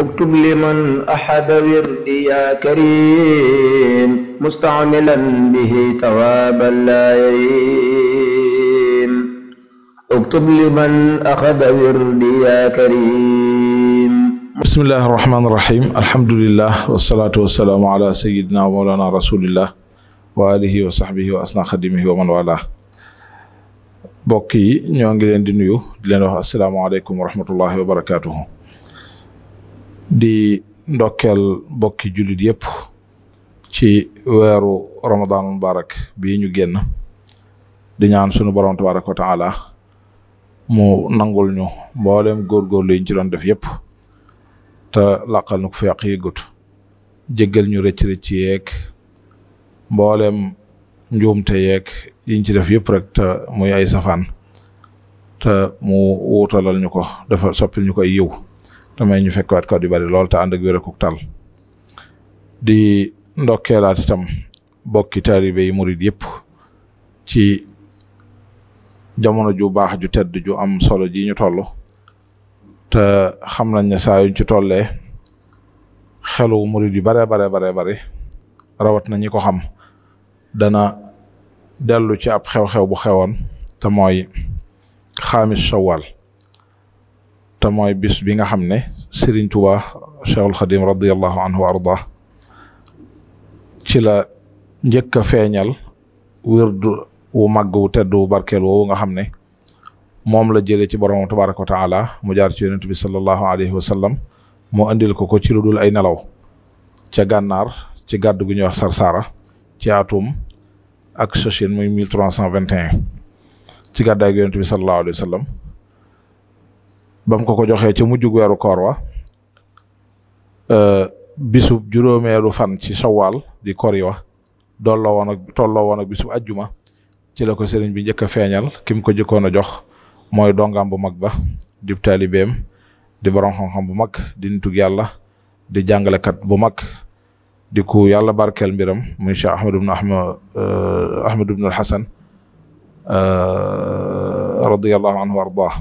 اكتب لمن أحب وردي يا كريم مستعملا به ثوابا لا يريم اكتب لمن أخذ وردي يا كريم بسم الله الرحمن الرحيم الحمد لله والصلاة والسلام على سيدنا ومولانا رسول الله وآله وصحبه وأصنع خدمه ومن والاه mbokk yi ñoo ngi leen di nuyu di leen wax asalaamaaleykum wa rahmatullahi wa barakaatuhu di ndokkeel bokki jullit yëpp ci weeru ramadan mubarak bii ñu génn di ñaan sunu borom tabaraka wa taala mu nangul ñu mboolem góorgóorlu lu ñu ci doon def yëpp te laqal ñu ko fi yàq yëgut jéggal ñu rëcc rëcc yeeg mboolem njuumte yeeg yiñ ci def yëpp rek te muy ay safaan te mu wuutalal ñu ko dafa soppil ñu ko ay yiw damay ñu fekk waat ko di bari lool te ànd ak wér tal di ndokkeelaat itam bokki taalibe yi murid yëpp ci jamono ju baax ju tedd ju am solo ji ñu toll te xam nañ ne saa yuñ ci tollee xelu murid yu bare bare bare bare rawat na ñi ko xam dana dellu ci ab xew-xew bu xewoon te mooy xaamis shawal te mooy bis bi nga xam ne Serigne Touba Cheikhul Khadim radiyallahu anhu wa arda ci la njëkk a feeñal wirdu wu màgg wu tedd wu barkeel woowu nga xam ne moom la jëlee ci borom tabaraka wa taala mu jaar ci yonent bi sallallahu alayhi wa sallam moo indil ko ko ci lu dul ay nelaw ca gànnaar ci gàddu gu ñuy wax Sarsara ci atum ak Chachine muy cent vingt ci gàddaay yonent bi sallallahu alayhi wa ba ko ko joxee ci mujjug weeru koor wa eh, bisub juróomeelu fan ci sawaal di koor yi wa dolloo woon ak tolloo ci la sëriñ bi njëkk a feeñal kim ko jëkkoon a jox mooy dongam bu mag ba di taalibeem di borom xam-xam bu mag di nitug yàlla di jàngalekat bu mag di ku yàlla barkeel mbiram muy Cheikh Ahmad ibn Ahmad eh, Ahmad ibn al Hasan eh, radiyallahu anhu wa ardaah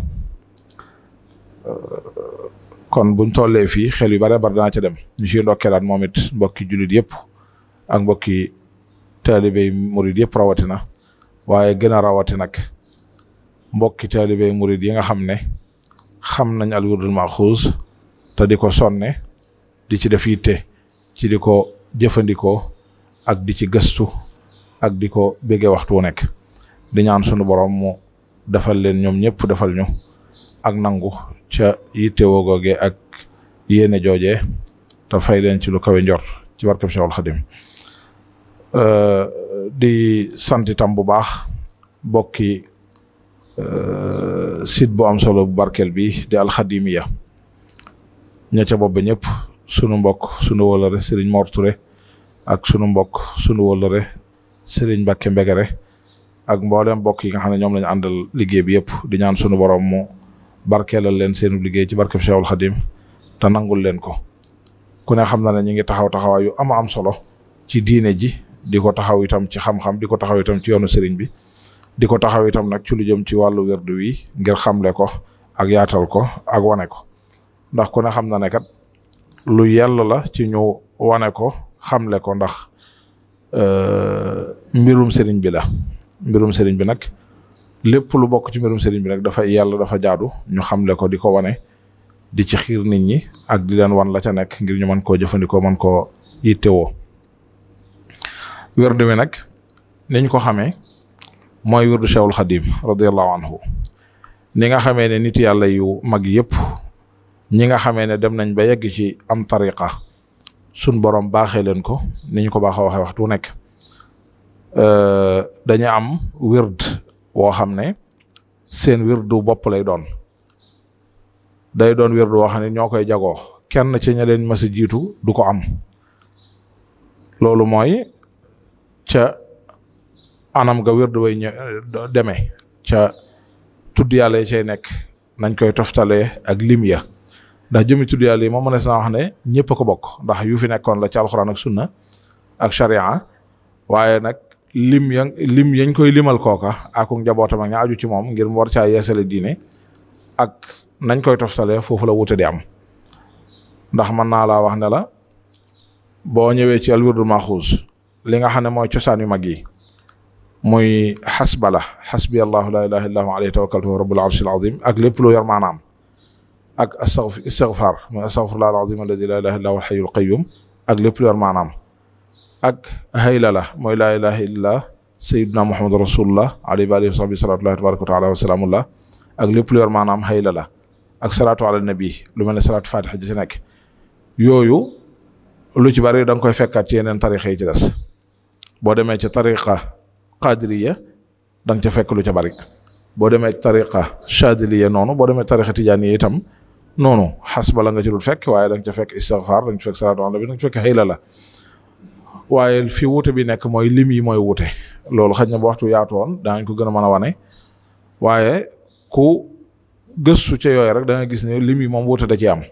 kon buñ tollee fii xel yu bare bari danaa ca dem ñu siy ndokkeelaat moom it mbokki jullit yëpp ak mbokki taalibey murid yëpp rawatina waaye gën a rawati nag mbokki taalibey murid yi nga xam ne xam nañ al wirdul maxuus te di ko sonne di ci def yitte ci di ko jëfandikoo ak di ci gëstu ak di ko béggee waxtu wu nekk di ñaan sunu borom mu defal leen ñoom ñëpp defal ñu ak nangu ca yittewoo googe ak yéene jooje te fay leen ci lu kawe njor ci barkeb Cheikhul Khadim euh, di sant itam bu baax bokki euh, sit bu am solo bu barkel bi di alxadimiya ña ca bopp ñëpp sunu mbokk sunu wolore Serigne Mor Touré ak sunu mbokk sunu wolore Serigne Mbacke Mbegere ak mboolem mbokk yi nga xam ne ñoom lañu àndal liggéey bi yëpp di ñaan sunu borom mu. barkeelal leen seenu liggéey ci barkeb Cheikhul Xadim te nangul leen ko ku ne xam na ne ñu ngi taxaw taxawaay yu ama am solo ci diine ji di ko taxaw itam ci xam-xam di ko taxaw itam ci yoonu sëriñ bi di ko taxaw itam nag ci lu jëm ci wàllu werdu wi ngir xamle ko ak yaatal ko ak wane ko ndax ku ne xam na ne kat lu yàlla la ci ñu wane ko xamle ko ndax euh, mbirum sëriñ bi la mbirum sëriñ bi nag lépp lu bokk ci mbirum sëriñ bi nag dafa yàlla dafa jaadu ñu xamle ko di ko wane di ci xiir nit ñi ak di leen wan la ca nekk ngir ñu man koo jëfandikoo mën koo yittewoo. wirdu wi nag niñ ko xamee mooy wirdu Cheikhul Xadim radiyallahu anhu ni nga xamee ne nit yàlla yu mag yëpp ñi nga xamee ne dem nañ ba yegg ci am tariqa sun borom baaxee leen ko ni ñu ko baaxoo waxee waxtu nekk euh, dañu am wird woo xam ne seen wirdu bopp lay doon day doon wirdu woo xam ne ñoo koy jago kenn ci ña leen mas jiitu du ko am loolu mooy ca anam ga wirdu way ñë demee ca tudd yàlla nekk nañ koy toftalee ak lim ya ndax jëmi tudd yi moom mënees naa wax ne ñëpp ko bokk ndax yu fi nekkoon la ci alxuraan ak sunna ak sharia waaye nag lim ya lim yañ koy limal kooka akuk njabootam ak ña aju ci moom ngir mu war caa yeesale diine ak nañ koy toftalee foofu la wute di am ndax mën naa laa wax ne la boo ñëwee ci alwirdul maxuus li nga xam ne mooy cosaan yu mag yi muy xasbala xasbi allahu la ilaha illa huwa alayhi tawakkaltu wa rabbul arshil azim ak lépp lu yor maanaam ak astagfar muy astagfirullah alazim alladi la ilaha illa huwa alxayyul qayyum ak lépp lu yor maanaam ak haylala mooy laa ilaha illallah sayyiduna muhammad rasulullah alayhi wa alihi wa sahbihi salatullahi tabaraka wa taala wa salaamullah ak lépp lu yor maanaam haylala ak salaatu ala nabi lu mel ne salaatu fatiha ji ci nekk yooyu lu ci bari da koy fekkaat ci yeneen tarixa yi ci des boo demee ci tariqa qadiriya da nga ca fekk lu ca bari boo demee tariqa chadiliya noonu boo demee tariqa tijaaniya itam noonu xas bala nga ci fekk waaye da nga ca fekk istighfar da nga ca fekk salaatu ala waaye fi wuute bi nekk mooy lim yi mooy wuute loolu xañ na ba waxtu yaatu woon daañ ko gën a mën a wane waaye ku gëstu ca yooyu rek da gis ne lim yi moom wuute da ci am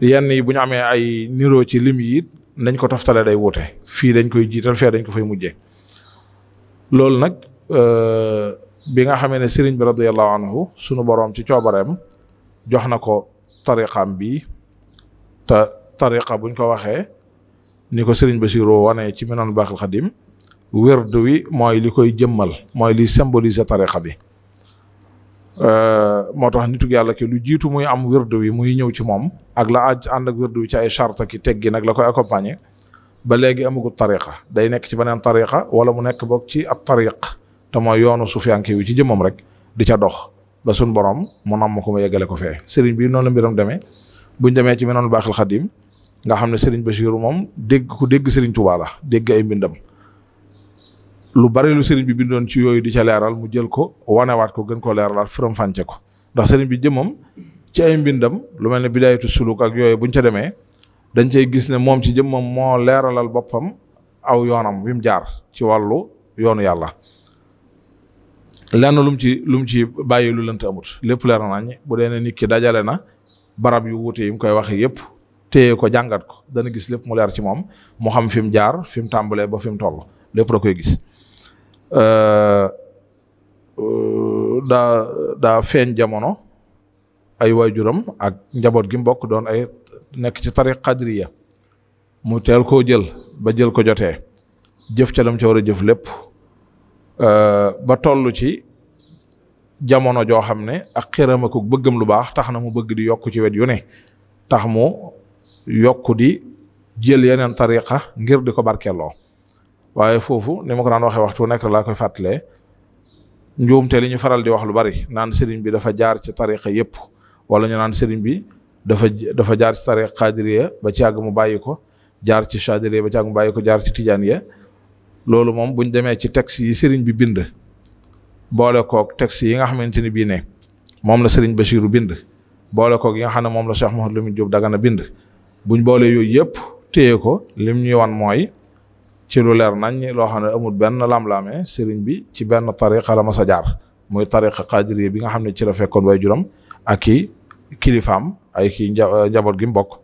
yenn yi bu ñu amee ay niroo ci lim yi nañ ko toftale day wuute fii dañ koy jiital fee dañ ko fay mujjee loolu nag euh, bi nga xamee ne sëriñ bi radiyallahu anhu sunu boroom ci coobareem jox na ko tariqaam bi te tariqa buñ ko waxee ni ko sëriñ Serigne Bassirou wane ci menoon baaxal xadim wérdu wi mooy li koy jëmmal mooy li symboliser tarixa bi euh, moo tax nitu yàlla ki lu jiitu muy am wérdu wi muy ñëw ci moom ak la aj ànd ak wérdu wi ci ay charte ki teggi nag la koy accompagner ba léegi amagul tarixa day nekk ci beneen tarixa wala mu nekk boog ci ab tariq te mooy yoonu sufiyanke wi ci jëmmam rek di ca dox ba sun borom mu namm ko mu yeggale ko fee sëriñ bi noonu la mbiram demee buñ demee ci menoon baaxal xadim nga xam ne Serigne Bachir moom dégg ku dégg Serigne Touba la dégg ay mbindam lu bari lu sëriñ bi bindoon ci yooyu di ca leeral mu jël ko wanewaat ko gën koo leeralaat fëram fànce ko ndax sëriñ bi jëmam ci ay mbindam lu mel ne bidaayatu suluk ak yooyu buñ ca demee dañ cay gis ne moom ci jëmmam moo leeralal boppam aw yoonam wi mu jaar ci wàllu yoonu yàlla. lenn lum ci lum ci bàyyi lu lënt amut lépp leer bu dee ne nit ki dajale na barab yu wuute yi koy waxee yëpp. téye ko jàngat ko dana gis lépp mu leer ci moom mu xam fi mu jaar fi mu tàmbalee ba fi mu toll lépp da koy gis. Euh, euh, daa daa feeñ jamono ay waajuram ak njaboot gi mu bokk doon ay nekk ci tariq xadriya mu teel koo jël ba jël ko jotee jëf ca lam ca war jëf lépp euh, ba toll ci jamono joo xam ne ak xiram ak bëggam lu baax tax na mu bëgg di yokku ci wet yu ne tax mu yokk di jël yeneen tariqa ngir di ko barkeeloo waaye foofu ni mu ko daan waxee waxtu nekk laa koy fàttalee njuumte li ñu faral di wax lu bari naan sëriñ bi dafa jaar ci tariqa yépp wala ñu naan sëriñ bi dafa dafa jaar ci tariqa xaadiriya ba ci àgg mu bàyyi ko jaar ci chaadiriya ba ci àgg mu bàyyi ko jaar ci tijaaniya loolu moom buñ demee ci texte yi sëriñ bi bind boole koog texte yi nga xamante ni bii ne moom la sëriñ Bachiru bind boole koog yi nga xam ne moom la Cheikh Mouhamadou Lamine Diop Dagana bind buñ boole yooyu yëpp téye ko lim ñuy wan mooy ci lu leer nañ loo xam ne amul benn lam lame sëriñ bi ci benn tariqa la mas a jaar muy tariqa qadiriya bi nga xam ne ci la fekkoon way juram ak i kilifaam ay kii euh, njaboot gi mu bokk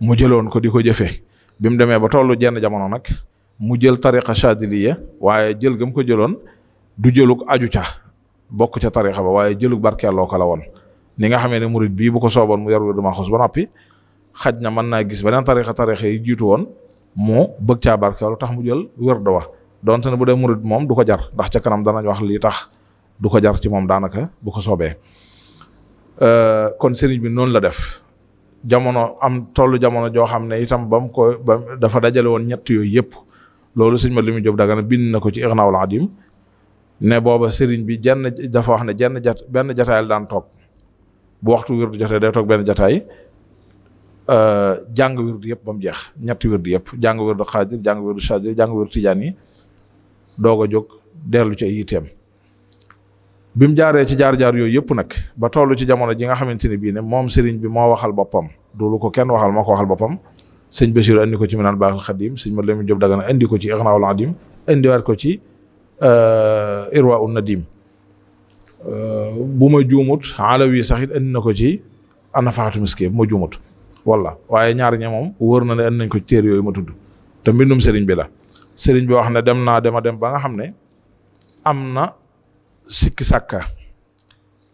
mu jëloon ko di ko jëfe bi demee ba tollu jenn jamono nag mu jël tariqa chadiliya waaye jël gam ko jëloon du jëlug aju ca bokk ca tariqa ba waaye jëlug barkeeloo ko la woon ni nga xamee ne murid bii bu ko sooboon mu yor wi dama xos xaj na mën naa gis beneen tarixa tarixa yi jiitu woon mu bëgg caa barkeelu tax mu jël wér da wax donte ne bu dee murid moom du ko jar ndax ca kanam danañ wax lii tax du ko jar ci moom daanaka bu ko soobee euh, kon sëriñ bi noonu la def jamono am tollu jamono joo xam ne itam ba mu ko ba dafa dajale woon ñett yooyu yëpp loolu sëñ ma li mu jóg dagana bind na ko ci Ixnaawul Adim ne booba sëriñ bi jenn dafa wax ne jenn jat benn jataay la daan toog bu waxtu wér du jotee day toog benn jataay Euh, jàng wird yëpp ba jeex ñetti wird yëpp jàng wirdu xaadir jàng wirdu saadir jàng wirdu tijaan yi dellu ci ay yiteem bi mu jaaree ci jaar-jaar yooyu yëpp nag ba toll ci jamono ji nga xamante ne bii ne moom sëriñ bi moo waxal boppam du ko kenn waxal ma ko waxal boppam sëñ Bachir andi ko ci Minanul Baaxil Xadim sëñ ma Lamin Jóob Dagana andi ko ci Ixnaawul Adim indiwaat ko ci euh, Irwaa'un Nadim euh, bu ma juumut alawi sax it na ko ci Anafaxatu Miskiya bu ma juumut wala waaye ñaar ñe moom wóor na ne an nañ ko téer yooyu ma tudd te mbindum sëriñ bi la sëriñ bi wax ne dem naa dema dem ba nga xam ne am na sikki sàkka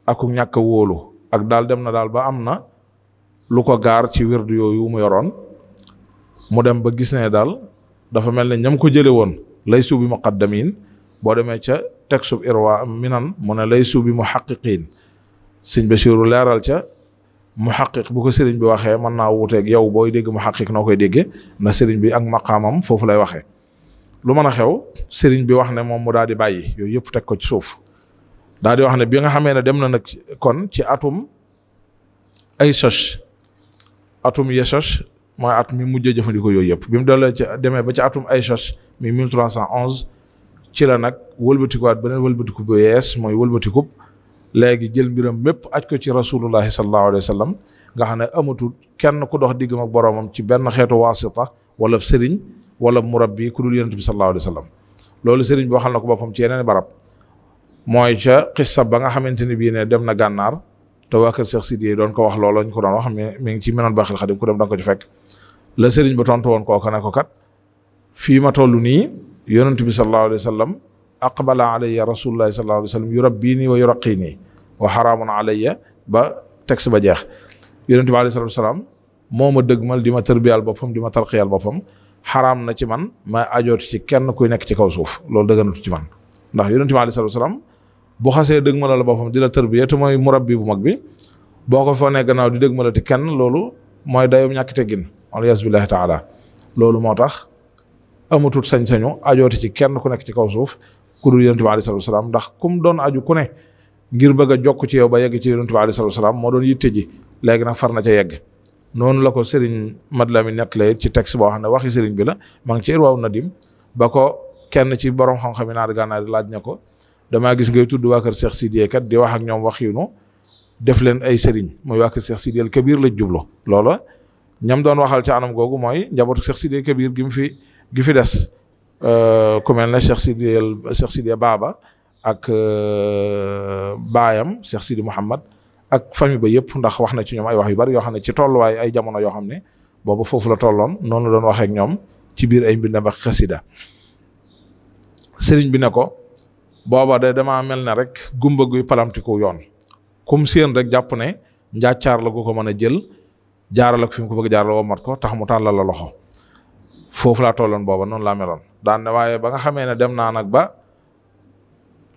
aku ñàkk wóolu ak daal dem na daal ba am na lu ko gaar ci wirdu yooyu mu yoroon mu dem ba gis ne daal dafa mel ne ñam ko jële woon lay suubi muqaddamin boo demee ca teg sub irwa minan mu ne lay suubi muhaqiqin sëñ Basiru leeral ca mu xaqiq bu ko sëriñ bi waxee mën naa wuuteeg yow booy dégg mu xaqiq noo koy déggee na sëriñ bi ak maqaamam foofu lay waxee. lu mën a xew sëriñ bi wax ne moom mu daal di bàyyi yooyu yëpp teg ko ci suuf daal di wax ne bi nga xamee ne dem na nag kon ci atum ay sos atum ye sos mooy at mi mujj jëfandikoo yooyu yëpp bi mu delloo ci demee ba ci atum ay sos mi 1311 ci la nag wëlbatikuwaat beneen wëlbatiku bu yees mooy wëlbatiku léegi jël mbiram mépp aj ko ci rasulullahi sallallahu alayhi wa sallam nga xam ne amatul kenn ku dox diggam ak boroomam ci benn xeetu waasita wala sëriñ wala murabbi ku dul yonent bi sallallahu alayhi wa sallam loolu sëriñ boo xam ne ko boppam ci yeneen barab mooy ca xissa ba nga xamante ni bii ne dem na gànnaar te waa kër Cheikh Sidiye doon ko wax loolu ko doon wax mi ngi ci menoon baaxil xadim ku dem danga ko ci fekk la sëriñ ba tontu woon kooka ne ko kat fii ma toll nii yonent bi sallallahu alayhi wa sallam aqbala alayya rasulullahi sallallahu alayhi wa sallam yurabbiini wa yuraqqiini wa xaraamun alayya ba texte ba jeex yonent bi alayhi salaatu wasalaam moo ma dëgmal di ma tërbiyal boppam di ma tarqiyal boppam xaraam na ci man ma ajoot ci kenn kuy nekk ci kaw suuf loolu dëgganatu ci man ndax yonent bi alayhi salaatu wasalaam bu xasee dëgmalal boppam di la tërbiya te mooy murabbi bu mag bi boo ko fa ne gannaaw di dëgmalati kenn loolu mooy dayoom ñàkk teggin alias billahi taala loolu moo tax amatut sañ-sañu ajooti ci kenn ku nekk ci kaw suuf ku dul yonent bi alayhi salaatu wasalaam ndax kum doon aju ku ne ngir bëgg jokk ci yow ba yegg ci yonent bi alayhi salaam moo doon yitte ji léegi nag far na ca yegg noonu la ko mat Serigne Madlami nettalee ci texte boo xam ne waxi Serigne bi la maa ngi ci Irwaaw Nadim ba ko kenn ci borom xam-xam yi naar gànnaar laaj na ko dama gis ngay tudd waa kër Cheikh Sidiye kat di wax ak ñoom wax yu nu def leen ay Serigne mooy waa kër Cheikh Sidiye al la jublu loola ñam doon waxal ci anam googu mooy njabootu Cheikh Sidiye Kabir gi mu fi gi fi des euh, ku mel ne Cheikh Sidiye Cheikh ak euh, baayam Cheikh Sidi Mouhamad ak famille ba yëpp ndax wax na ci ñoom ay wax yu bari yoo xam ne ci tolluwaay ay jamono yoo xam ne booba foofu la tolloon noonu doon waxeek ñoom ci biir ay mbindam ba xasida sëriñ bi ne ko booba de damaa mel ne rek gumba guy palamtiku yoon kum seen rek jàpp ne njàccaar la gu ko mën a jël jaaral ak fi mu ko bëgg jaaral mat ko tax mu tàllal la loxo foofu laa tolloon booba noonu laa meloon daan ne ba nga xamee ne dem naa nag ba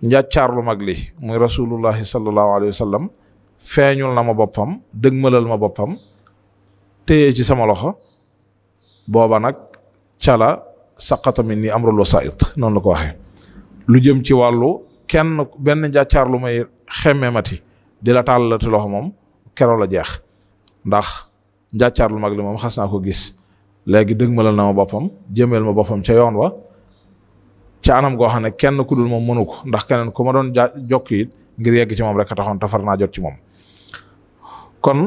njàccaar lu mag li muy rasulullahi sallallahu alayhi wa sallam feeñul na ma boppam dëgmalal ma boppam téye ci sama loxo booba nag cala saqata min ni amrul wasaait noonu la ko waxee lu jëm ci wàllu kenn benn njàccaar lu may xemmemati di la tàllati loxo moom keroog la jeex ndax njàccaar lu mag li moom xas naa ko gis léegi dëgmalal na ma boppam jëmeel ma boppam ca yoon wa ca anam goo xam ne kenn ku dul moom mënu ko ndax keneen ku ma doon ja jokk ngir yegg ci moom rek a taxoon tafar naa jot ci moom. kon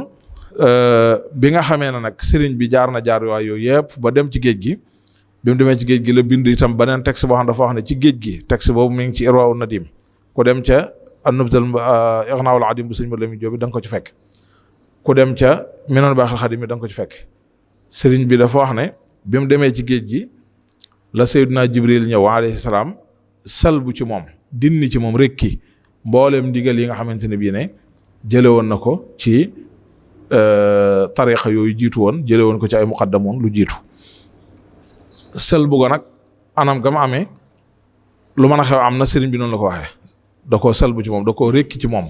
euh, bi nga xamee ne nag sëriñ bi jaar na jaar yooyu yëpp ba dem ci géej gi bi mu demee ci géej gi la bind itam beneen texte boo xam dafa wax ne ci géej gi texte boobu mi ngi ci Irwaawu Nadim ku dem ca An-Nubdal euh, Ighnaawul Adim bu sëriñ bi la muy jóobi da nga ko ci fekk. ku dem ca Minanul Baaxil Xadim bi da ko ci fekk sëriñ bi dafa wax ne bi demee ci géej gi. la sayyiduna jibril ñëw alayhi salaam selbu ci moom dinni ci moom rekki mboolem ndigal yi nga xamante ne bii ne jële woon na ko ci euh, tarixa yooyu jiitu woon jële woon ko ci ay muqaddamoon lu jiitu salbu ko nag anam gam amee lu mën a xew am na sëriñ bi noonu la ko waxee da koo salbu ci moom da ko rekki ci moom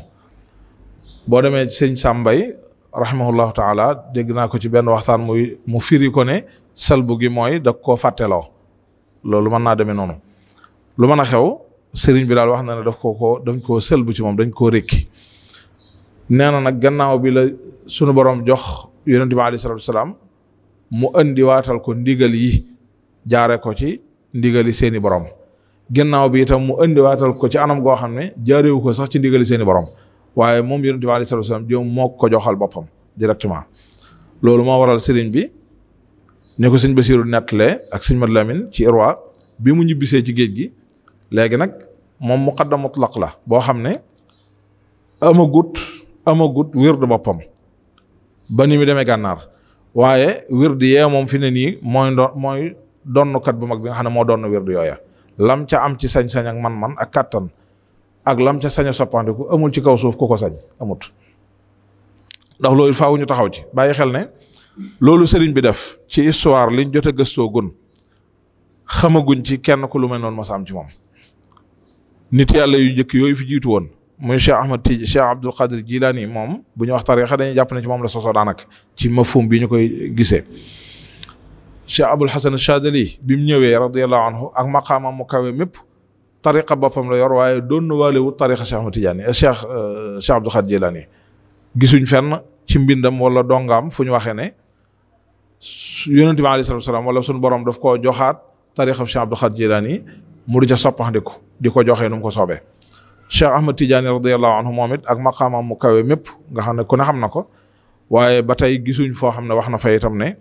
boo demee sëñ Sàmbay rahimahullahu taala dégg naa ko ci benn waxtaan muy mu firi ko ne salbu gi mooy da koo fàtteloo loolu mën naa demee noonu lu mën a xew sëriñ bi daal wax na ne daf koo ko dañ koo sëlbu ci moom dañ koo rékki nee na nag gannaaw bi la sunu borom jox yonente bi aleyhi salaatu salaam mu andi waatal ko ndigal yi jaare ko ci ndigali seeni borom gannaaw bi itam mu andi waatal ko ci anam goo xam ne jaarewu ko sax ci ndigali seeni borom waaye moom yonente bi aleyhi salaatu salaam moom moo ko joxal boppam directement loolu moo waral sëriñ bi. ne ko sëñ Basiiru nettalee ak sëñ Mad Lamin ci Irwa bi mu ñibbisee ci géej gi léegi nag moom muqaddam mutlaq la boo xam ne amagut amagut wirdu boppam ba ni mu demee gànnaar waaye wirdu yee moom fi ne nii mooy ndo mooy donnukat bu mag bi nga xam ne moo doon wird yooya lam ca am ci sañ-sañ ak man-man ak kàttan ak lam ca sañ a soppandiku amul ci kaw suuf ku ko sañ amut ndax loolu faaw ñu taxaw ci bàyyi xel ne loolu sëriñ bi def ci histoire liñ jot a gëstoo gun xamaguñ ci kenn ku lu mel noonu masaam ci moom nit yàlla yu njëkk yooyu fi jiitu woon muy Cheikh Ahmad Tidj Cheikh Abdul moom bu ñu wax tariixa jàpp ne moom la sosoo daanaka ci mafhum bi ñu koy gisee Abul Hasan Chadali bi mu ñëwee radiyallahu anhu ak maqaamam mu kawe mépp tariqa boppam la yor waaye doon na waalewu tariqa Cheikh Ahmad Tidiane eh, Cheikh euh, Cheikh Abdul Qadir Jilaani gisuñ fenn ci mbindam walla dongam fu ñu waxee ne yonent bi alayhi salaatu salaam wala sunu borom daf koo joxaat tariixam Cheikh Abdul Xaadir Jilaani mu di ca soppandiku di ko joxee nu ko soobee. Cheikh Ahmad Tidiane radiyallahu anhu moom ak maqaamam mu kawe mépp nga xam ne ko ne xam na ko waaye ba tey gisuñ foo xam ne wax na fa itam ne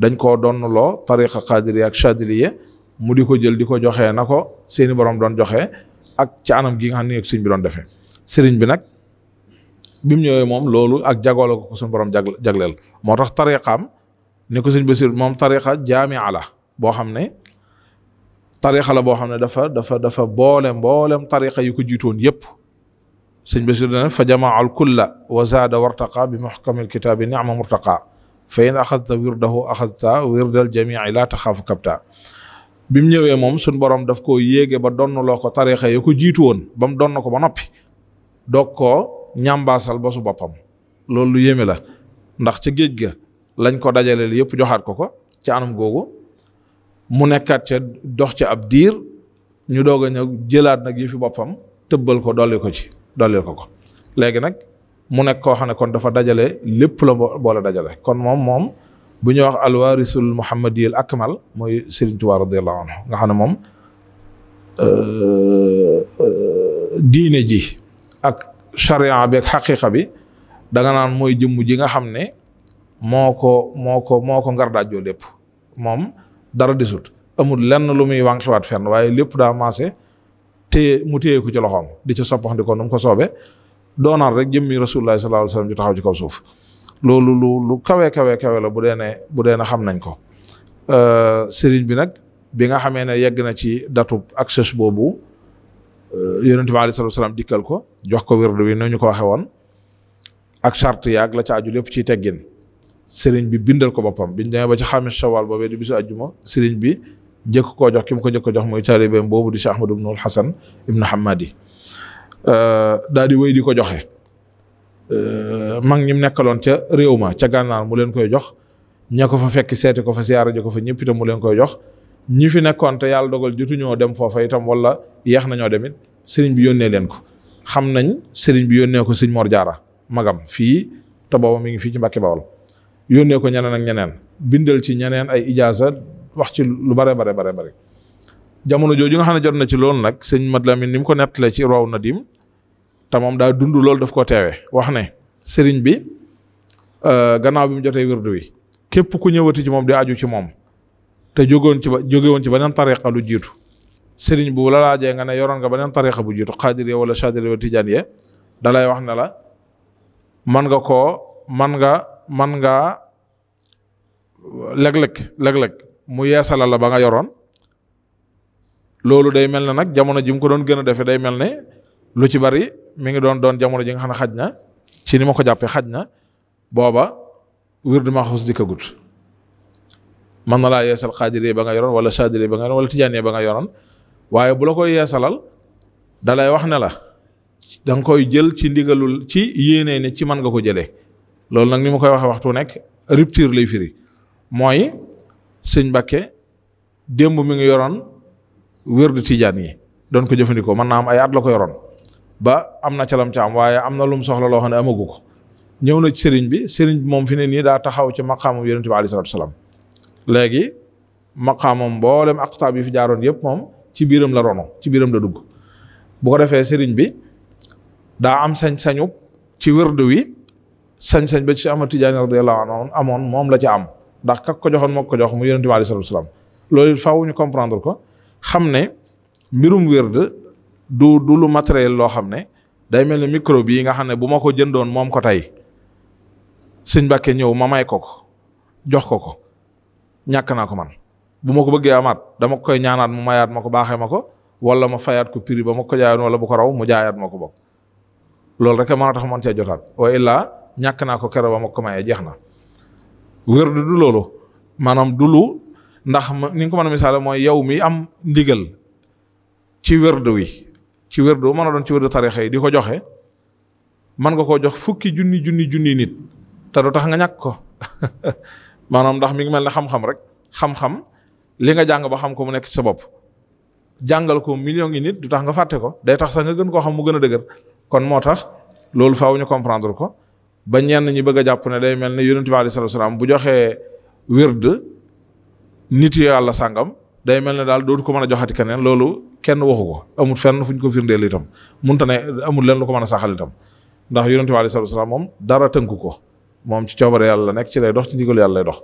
dañ koo donnaloo tariixa Qaadiriya ak Chaadiliya mu di ko jël di ko joxe na ko seeni borom doon joxe ak ci anam gi xam ne ak bi doon defee sëriñ bi nag bi mu ñëwee moom loolu ak jagoo la ko suñu borom jagleel moo tax tariixaam ni ko sëñ Basiir moom tarixa jaamia ala boo xam ne tarixa la boo xam ne dafa dafa dafa boole mboolem tarixa yu ko jiitoon yépp sëñ Basiir dana fa jamaa al kulla wa zaada wartaqa bi muxkamil kitaabi nicma murtaqa fa in axadta wirdahu axadta wirdal jamii laa taxaafu kapta bi mu ñëwee moom suñ borom daf ko yéege ba donnaloo ko tarixa yu ko jiitu woon ba mu donn ko ba noppi doog koo ñàmbaasal ba su boppam loolu lu la ndax ci géej ga lañ ko dajaleel yëpp joxaat ko ko ci anam googu mu nekkaat ca dox ca ab diir ñu doog a ñëw jëlaat nag yi fi boppam tëbbal ko dolli ko ci dollil ko ko léegi nag mu nekk koo xam ne kon dafa dajale lépp la boole dajale kon moom moom bu ñuy wax alwaarisul muhammadi al akmal mooy Serigne Touba radiyallahu anhu nga xam ne moom euh, euh, diine ji ak charia bi ak bi danga naan mooy jëmm ji nga xam ne moo ko moo ko moo ko ngar daajoo lépp moom dara desut amul lenn lu muy wànqiwaat fen waaye lépp daa maase te mu téye ko ci loxoom di ci soppaxndi ko nu ko soobee doonaat rek jëmmi rasulullah sallallahu alayhi wasallam ju taxaw ci kaw suuf loolu lu lu kawe kawe kawe la bu dee ne bu dee ne xam nañ ko euh, sëriñ bi nag bi nga xamee ne yegg na ci datub ak sës boobu euh, yonent bi alayhi salaam dikkal ko jox ko wérdu bi nu ñu ko waxee woon ak charte yaag la ca aju lépp ciy teggin sëriñ bi bindal ko boppam biñ demee ba ci xamis shawal boobee di bisu ajjuma sëriñ bi njëkk koo jox ki mu ko njëkk ko jox mooy taalibeem boobu di Cheikh Ahmadu Ibnul Hasan Ibnu Hamadi euh, daal di wéy di ko joxe euh, mag ñi nekkaloon ca réew ma ca gànnaar mu leen koy jox ña fa fekk seete ko fa siyaara ji ko fa ñëpp itam mu leen koy jox ñi fi nekkoon te yàlla dogal jotuñoo dem foofa itam wala yeex na ñoo it sëriñ bi yónnee leen ko xam nañ sëriñ bi yónnee ko sëñ Mor Jaara magam fii te booba mi ngi fii ci Mbàkke Bawol yónnee ko ñeneen ak ñeneen bindal ci ñeneen ay ijaasa wax ci lu bare bare bare bare jamono jooju nga xam ne jot na ci loolu nag sëñ Mat Lamin ni mu ko nettalee ci raw Nadim te moom daa dundu loolu daf ko teewee wax ne sëriñ bi euh, gannaaw bi mu jotee wirdu wi képp ku ñëwati ci moom di aju ci moom te jógoon ci ba jóge ci beneen tariqa lu jiitu sëriñ bu la laajee nga ne yoroon nga beneen tariqa bu jiitu xaadiriya wala chaadiriya wala tijaaniya dalay wax ne la man nga koo man nga man ngaa léeg-léeg léeg mu yeesalal la ba nga yoroon loolu day mel ne nag jamono ji mu ko doon gën a defee day mel ne lu ci bari mu ngi doon doon jamono ji nga xam ne xaj na ci ni ma ko jàppee xaj na booba wird maxuus di ko gut mën na laa yeesal xaadiri ba nga yoroon wala saadiri ba nga yoroon wala tijaani ba nga yoroon waaye bu la koy yeesalal dalay wax ne la danga koy jël ci ndigalul ci yéenee ne ci man nga ko jëlee loolu nag ni mu koy waxee waxtu nekk rupture lay firi mooy sëñ Mbàkke démb mi ngi yoroon wérdu tijaan yi doon ko jëfandikoo mën naa am ay at la ko yoroon ba am na calam ca am waaye am na lu mu soxla loo xam ne amagu ko ñëw na ci sëriñ bi sëriñ bi moom fi ne nii daa taxaw ci maqaamam yonente bi alayhi salaatu salaam léegi maqaamam mboolem aqtaab yi fi jaaroon yëpp moom ci biiram la rono ci biiram la dugg bu ko defee sëriñ bi daa am sañ-sañu ci wérdu wi sañ-sañ ba ci Ahmad Tijaani radiyallahu anhu amoon moom la ca am ndax kak ko joxoon moo ko jox mu yonente bi alayhi salaatu salaam loolu faaw ñu comprendre ko xam ne mbirum wérd du du lu matériel loo xam ne day mel ni micro yi nga xam ne bu ma ko jëndoon moom ko tey sëñ Mbàkke ñëw ma may ko ko jox ko ko ñàkk naa ko man bu ma ko bëggee amaat dama koy ñaanaat mu mayaat ma ko baaxee ma ko wala ma fayaat ko prix ba ma ko jaayoon wala bu ko raw mu jaayaat ma ko bokk loolu rek mën a tax ñàkk naa ko keroog ba ma ko mayee jeex na wërdu du loolu maanaam du lu ndax ni nga ko mën a misaale mooy yow mi am ndigal ci wérdu wi ci wérdu mën a doon ci wérdu tarixa yi di ko joxe mën nga koo jox fukki junni junni junni nit te du tax nga ñàkk ko maanaam ndax mi ngi mel ne xam-xam rek xam-xam li nga jàng ba xam ko mu nekk ci sa bopp jàngal ko million yi nit du tax nga fàtte ko day tax sax nga gën koo xam mu gën a dëgër kon moo tax loolu faaw ñu comprendre ko ba ñenn ñi bëgg a jàpp ne day mel ne yonent bi alayhi salaatu salaam bu joxee wird nit yàlla sàngam day mel ne daal dootu ko mën a joxati keneen loolu kenn waxu ko amul fenn fu ñu ko firndeel itam munta ne amul leen lu ko mën a saxal itam ndax yonent bi alayhi salaatu salaam moom dara tënku ko moom ci coobare yàlla la nekk ci lay dox ci ndigal yàlla lay dox.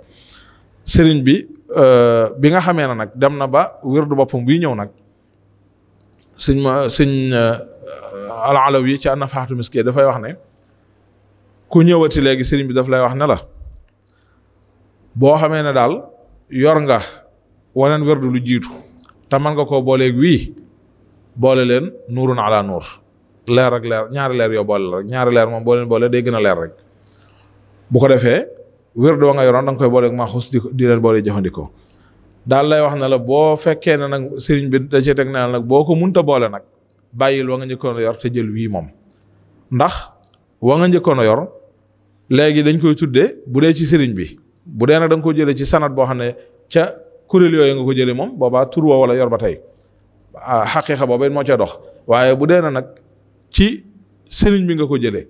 sëriñ bi euh, bi nga xamee ne nag dem na ba wirdu boppam bii ñëw nag sëñ ma sëñ euh, Al Alawi ci an-Nafahatu Miskiyya dafay wax ne. ku ñëwati léegi sëriñ bi daf lay wax ne la boo xamee ne daal yor nga waneen werdu lu jiitu te mën nga koo booleek wii boole leen nuurun ala nuur leer ak leer ñaari leer yoo boole la rek ñaari leer moom boo leen boole day gën a leer rek bu ko defee werdu wa nga yoroon da koy booleeg maaxus di di leen boole jëfandikoo daal lay wax ne la boo fekkee ne nag sëriñ bi da cee teg ne nag boo ko munta boole nag bàyyil wa nga njëkkoon a yor jël wii moom ndax wa nga njëkkoon a yor. léegi dañ koy tuddee bu dee ci sëriñ bi bu dee nag da nga ko jëlee ci sanat boo xam ne ca kuréel yooyu nga ko jëlee moom boobaa tur woo wala yor ba tey xaqiiqa booba it moo ca dox waaye bu dee na nag ci sëriñ bi nga ko jële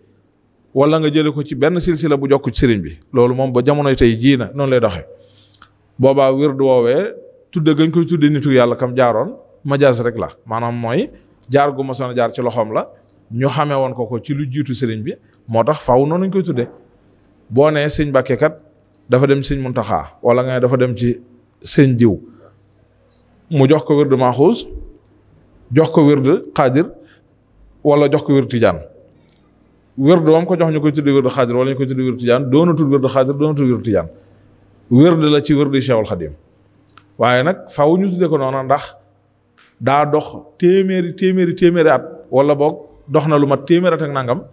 wala nga jëlee ko ci benn silsila bu jokk ci sëriñ bi loolu moom ba jamonoy tey jii na noonu lay doxe boobaa wird woowee tudde gañ koy tudde nitu yàlla kam jaaroon majaas rek la maanaam mooy jaar gu ma soon jaar ci loxoom la ñu xamee woon ko ko ci lu jiitu sëriñ bi moo tax faaw noonu ñu koy tuddee boo nee sëñ Mbàkke kat dafa dem sëñ Muntaxa wala nga dafa dem ci sëñ jiw mu jox ko wird Maxuus jox ko wird Xaadir wala jox ko wird Tijaan wird ba jox ñu koy tuddi wird Xaadir wala ñu koy tuddi wird doonatul wird Xaadir doonatul wird Tijaan wird la ci wird Cheikhul Xadim waaye nag faaw ñu tudde ko noonu ndax daa dox téeméeri téeméeri at wala boog dox na lu mat téeméeri nangam.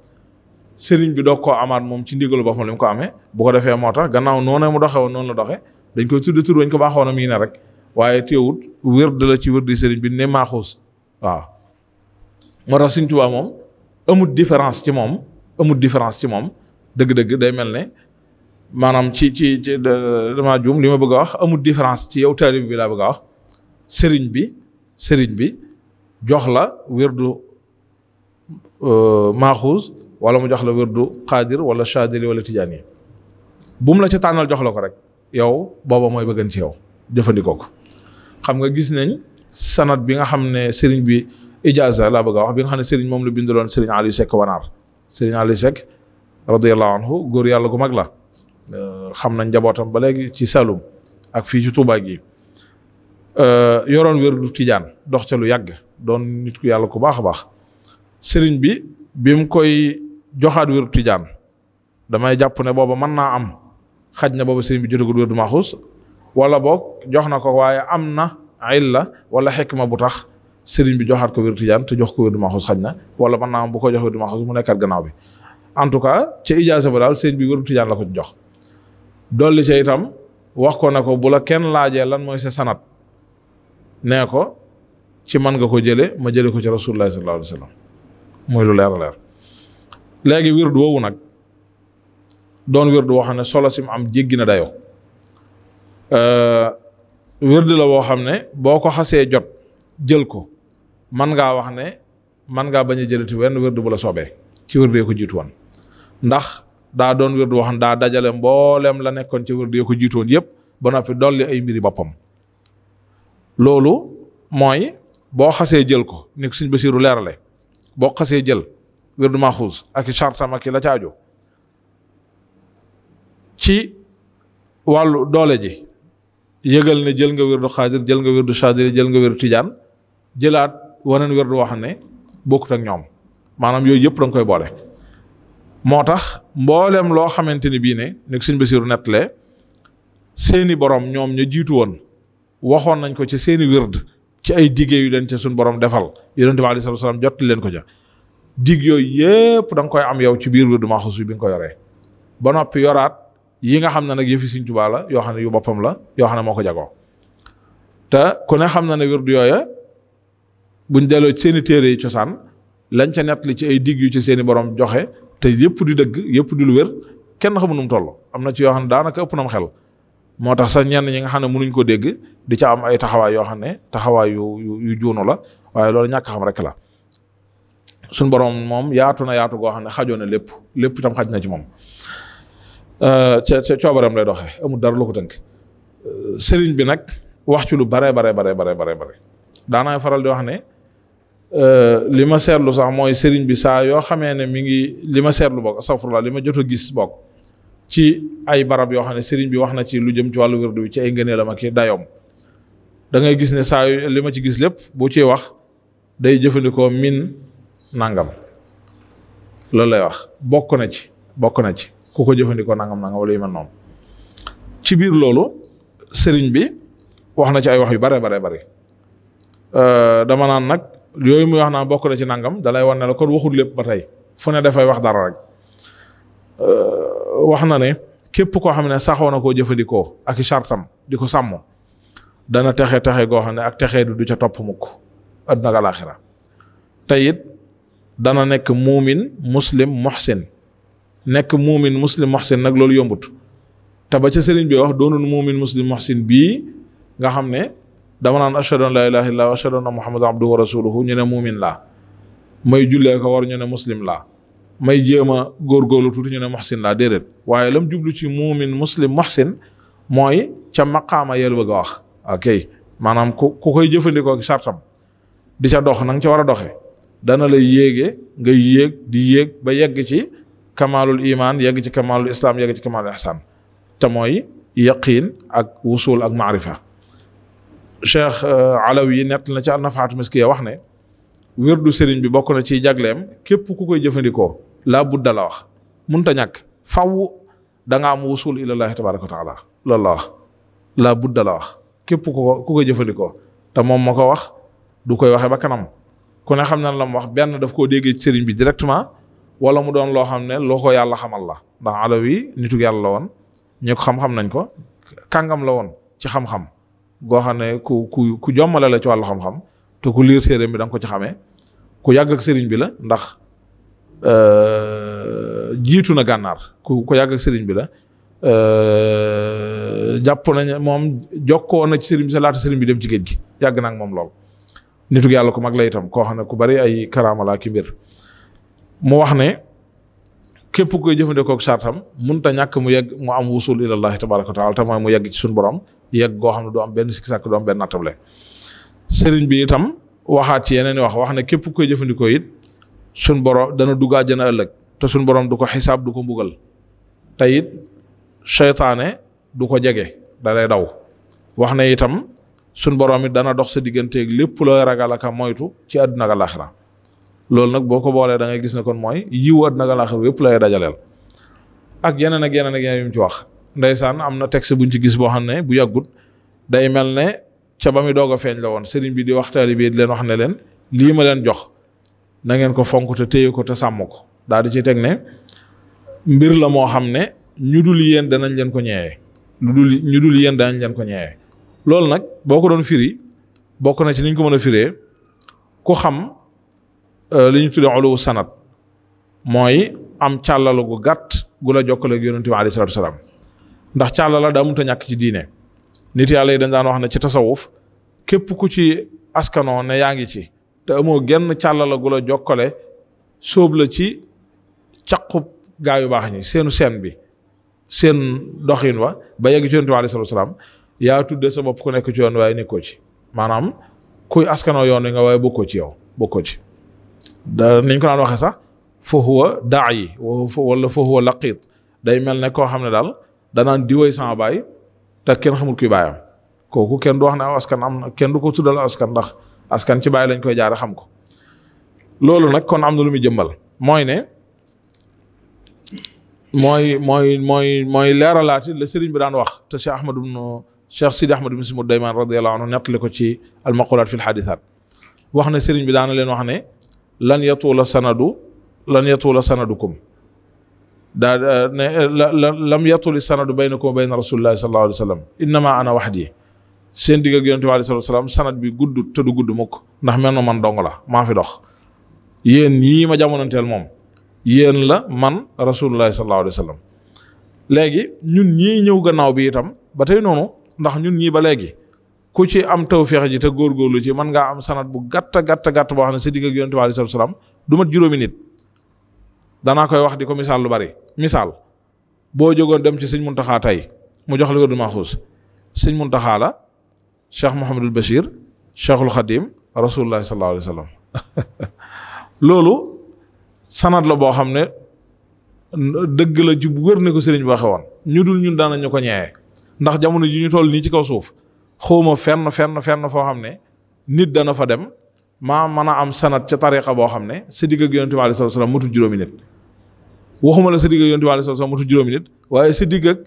sëriñ bi doo ko amaat moom ci ndigalu boppam li mu ko amee bu ko defee moo tax gannaaw noonu mu doxee woon noonu la doxee dañ koy tudde tur wañ ko baaxoon a mii ne rek waaye teewut wérd la ci wérdi sëriñ bi ne maaxuus waaw moo tax Sëriñ Tuubaa moom amut différence ci moom amut différence ci moom dëgg-dëgg day mel ne maanaam ci ci ci dama juum li ma bëgg a wax amut différence ci yow taalib bi laa bëgg a wax sëriñ bi sëriñ bi jox la wérdu euh, maaxuus wala mu jox la wirdu xaadir wala chaadili wala tijaan yi bu la ci tànnal jox la ko rek yow booba mooy bëggan ci yow jëfandikoo ko xam nga gis nañ sanat bi nga xam ne sëriñ bi ijaaza laa bëgg a wax bi nga xam ne sëriñ moom la bindaloon sëriñ Aliou Seck wanaar sëriñ Aliou Seck radiyallahu anhu góor yàlla gu mag la euh, xam nañ njabootam ba léegi ci Saloum ak fii ci Touba gi euh, yoroon wérdu tijaan dox ca lu yàgg doon nit ku yàlla ku baax a baax sëriñ bi joxaat wéru tijaan damay jàpp ne booba man naa am xaj na booba sëriñ bi jotagul wala boog jox na ko waaye am na illa wala xikma bu tax sëriñ bi joxaat ko wéru tijaan te jox ko wér du maxuus xaj na wala mën naa am bu ko jox wér du maxuus mu nekkaat gannaaw bi en tout cas ca ijaasa ba daal sëriñ bi wéru tijaan la ko jox dolli ca itam wax ko ne ko bula kenn laajee lan mooy sa sanat nee ko ci man nga ko jële ma jële ko ci rasulullah sallallahu alayhi wa sallam mooy lu leer a leer léegi wird woowu nag doon wird woo xam ne solo sim am jéggi na dayo dayoo euh, wird la woo xam ne boo ko xasee jot jël ko man ngaa wax ne man ngaa bañ a jëlati wenn wird bu la soobee ci wird ko jiitu woon ndax daa doon wird woo xam ne daa dajale mbooleem la nekkoon ci wird ko jiitu woon yëpp ba noppi dolli ay mbiri boppam loolu mooy boo xasee jël ko ni ko Sëriñ Basiiru leerale boo xasee jël wirdu maxuus ak i chartam ak i la caaju ci wàllu doole ji yëgal ne jël nga wirdu xaadir jël nga wirdu chadiri jël nga wirdu tijaan jëlaat waneen wirdu wax ne bokkut ak ñoom maanaam yooyu yëpp da koy boole. moo tax mbooleem loo xamante ni bii ne nekk suñ basiru nettalee seeni borom ñoom ñu jiitu woon waxoon nañ ko ci seeni wird ci ay diggé yu leen ci suñ borom defal yonente bi aleyhi salaatu wa salaam jot leen ko ja dig yooyu yépp da koy am yow ci biir wirdu maxuus bi nga ko yoree ba noppi yoraat yi nga xam ne nag yëfi Sëriñ Tuubaa la yoo xam ne yu boppam la yoo xam ne moo ko jagoo te ku ne xam na ne wirdu yooya buñ delloo ci seeni téere yi cosaan lañ ca nettali ci ay digg yu ci seeni borom joxe te yëpp di dëgg yëpp di lu kenn xamu nu mu toll am na ci yoo xam ne daanaka ëpp na mu xel moo tax sax ñenn ñi nga xam ne mënuñ ko dégg di ca am ay taxawaay yoo xam ne taxawaay yu yu juunu la waaye loolu ñàkk xam rek la. suñ borom moom yaatu na yaatu goo xam ne xajoon na lépp lépp tam xaj na ci moom euh, ca ca lay doxee amul dara lu ko tënk euh, sëriñ bi nag wax ci lu bare bare bare bare bare daanaay faral di wax ne euh, li ma seetlu sax mooy sëriñ bi saa yoo xamee ne mi ngi li ma seetlu bokk astafurlah li ma jot a gis bokk ci ay barab yoo xam ne sëriñ bi wax na ci lu jëm ci wàllu wérdu bi ci ay ngëneelam ak dayoom da ngay gis ne saa li ma ci gis lépp bu ci wax day jëfandikoo min nangam loolu lay wax bokk na ci bokk na ci ku ko jëfandikoo nangam nangam wala yu mel noonu ci biir loolu sëriñ bi wax na ci ay wax yu bare bare bare euh, dama naan nag yooyu muy wax naa bokk na ci nangam dalay wan ne la kon waxul lépp ba tey fu ne dafay wax dara rek euh, wax na ne képp koo xam ne saxoo na koo jëfandikoo ak i sartam di ko sàmm dana texe texe goo xam ne ak texe du du ca topp mukk àdduna ak alaaxira tey dana nekk muumin muslim muhsin nekk muumin muslim muhsin nag loolu yombut te ba ca sëriñ bi wax doonul muumin muslim muhsin bii nga xam ne dama naan ashhadu an laa ilaaha illallaah wa ashhadu anna muhammadan abduhu wa rasuluhu ñu ne muumin laa may jullee ko war ñu ne muslim laa may jéem a góorgóorlu tuuti ñu ne muhsin laa déedéet waaye lam jublu ci muumin muslim muhsin mooy ca maqaama yel bëgg a wax ok maanaam ku ku koy jëfandikoo ak sartam di ca dox na ca war a doxee dana lay yéege nga yéeg di yéeg ba yegg ci kamaalul imaan yegg ci kamaalul islam yegg ci kamaalul ihsan te mooy yaqiin ak wusul ak maarifa cheikh euh, alawi nett la ci annafaatu miskiya wax ne wérdu sëriñ bi bokk na ci jagleem képp ku koy jëfandikoo laa budda la wax ñàkk faw da am wusul ilallaahi tabaraka loolu la laa budda la wax képp ku koy jëfandikoo te moom ma ko wax du koy waxe ba kanam ku ne xam na la mu wax benn daf koo déggee ci sëriñ bi directement wala mu doon loo xam ne loo ko yàlla xamal la ndax Alawi nitu yàlla la woon ñi xam-xam nañ ko kàngam la woon ci xam-xam goo xam ne ku ku ku jommale ci wàllu xam-xam te ku liir séeréem bi danga nga ko ci xamee ku yàgg sëriñ bi la ndax euh, jiitu na gànnaar ku ku yàgg sëriñ bi la euh, jàpp nañ moom jokkoo na ci sëriñ bi sa laata sëriñ bi dem ci géej gi yàgg na moom lool. nitu yàlla ku mag la itam koo xam ne ku bari ay karaama laa ki mbir mu wax ne képp koy jëfandikoo ak sartam mënut a ñàkk mu yegg mu am wusul ilallahi tabaraka wa taala te mooy mu yegg ci suñu borom yegg goo xam ne du am benn sikki sàkk du am benn le sëriñ bi itam waxaat ci yeneen i wax wax ne képp koy jëfandikoo it suñ borom dana dugg àjjana ëllëg te suñ borom du ko xisaab du ko mbugal teyit it seytaane du ko jege da lay daw wax ne itam suñ borom it dana dox sa digganteeg lépp looy ragal ak moytu ci àdduna ak alaxira loolu nag boo ko boolee da ngay gis ne kon mooy yiw àdduna ak alaxira yépp lay dajaleel ak yeneen ak yeneen ak yeneen yu mu ci wax. Ndeysaan am na texte buñ ci gis boo xam ne bu yàggut day mel ne ca ba muy doog a feeñ la woon sëriñ bi di wax taalibe di leen wax ne leen lii ma leen jox na ngeen ko fonk te téye ko te sàmm ko daal di ci teg ne mbir la moo xam ne ñu dul yéen danañ leen ko ñëwee lu dul ñu dul yéen danañ leen ko ñëwee. loolu nag boo ko doon firi bokk na ci ni ko mën a firee ku xam euh, li ñu tuddee uluwu sanad mooy am càllala gu gàtt gu la jokkale ak yonente bi alayhi salaatu salaam ndax càllala daa mënut ñàkk ci diine nit yàlla yi dañ daan wax ne ci tasawuf képp ku ci askano ne yaa ngi ci te amoo genn càllala gu la jokkale sóob la ci caqub gaa yu baax ñi seenu seen bi seen doxin wa ba yegg ci yonente bi alayhi salaam yaa tudde sa mopp ku nekk ci yoon waaye nekkoo ci maanaam kuy askanoo yoon wi nga waaye bokkoo ci yow bokkoo ci da niñ ko daan waxee sax fa huwa daa yi wala fa huwa day mel ne koo xam ne daal danaan diwéy sama baay te kenn xamul kuy baayam kooku kenn du wax ne aw askan am na kenn du ko tuddal askan ndax askan ci baay lañ koy jaare xam ko loolu nag kon am na lu muy jëmbal mooy ne mooy mooy mooy mooy leeralaati la sëriñ bi daan wax te Cheikh Ahmadu cheikh sidi ahmad ibn simud dayman radiallahu anhu nettali ko ci almaqulaat fi lxadisat wax ne sëriñ bi daana leen wax ne lan yatuula sanadu lan yatuula sanadukum daa ne lam yatuli sanadu baynakum bayna rasulillahi sallallahu alayhi wa sallam innama ana waxdi seen digg ak yonent bi alayhi salaam sanad bi gudd te du gudd ndax mel na man dong la maa fi dox yéen yii ma jamonanteel moom yéen la man rasulillahi sallallahu alayhi wa ñun ñii ñëw gannaaw bi itam ba tey noonu ndax ñun ñii ba léegi ku ci am tawféex ji te góorgóorlu ci mën ngaa am sanat bu gàtt gàtt gàtt boo xam ne sa digg ak yonent bi alayhi salaam du mat juróomi nit danaa koy wax di ko misaal lu bari misaal boo jógoon dem ci sëñ muntaxaa tey mu jox la wér du maxuus sëñ Muntaxa la Cheikh Mouhamadul Bachir Cheikhul Khadim Rasulullah sallallahu alayhi wa loolu sanat la boo xam ne dëgg la ci wér ne ko sëriñ bi waxe ñu dul ñun daanañu ko ñeewee ndax jamono ji ñu toll nii ci kaw suuf xawma fenn fenn fenn foo xam ne nit dana fa dem maa mën a am sanat ca tariqa boo xam ne sa digg ak yonent bi alayhi salaam matul juróomi nit waxuma la sa digg ak yonent bi alayhi juróomi nit waaye sa digg ak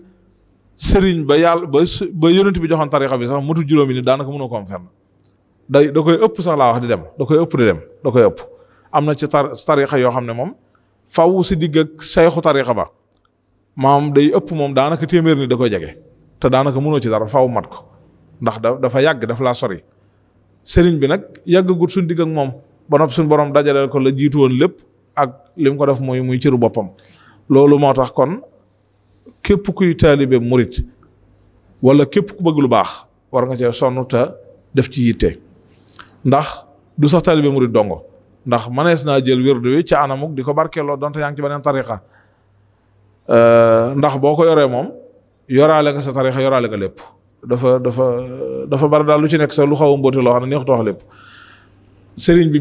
sëriñ ba yàlla ba ba yonent bi joxoon tariqa bi sax matul juróomi nit daanaka mënoo ko am fenn day da koy ëpp sax laa wax di dem da koy ëpp di dem da koy ëpp am na ci tar tariqa yoo xam ne moom faw si digg ak sayxu tariqa ba maam day ëpp moom daanaka téeméer ni da koy jege te daanaka mënoo ci dara faaw mat ko ndax da dafa yàgg daf laa sori sëriñ bi nag yàggagut suñ digg ak moom ba noppi suñ borom dajaleel ko la jiitu woon lépp ak lim ko def muy muy cëru boppam. loolu moo tax kon képp kuy taalibe murit wala képp ku bëgg lu baax war nga cee sonn te def ci yitte ndax du sax taalibe murit dongo ndax mënees naa jël wérdu wi ci anamuk di ko barkeeloo donte yaa ngi ci beneen tariqa ndax boo ko yoree moom. yoraale nga sa tarixa yoraale nga lépp dafa dafa dafa bari daal lu ci nekk sa lu xaw a loo xam ne neexutoo wax lépp sëriñ bi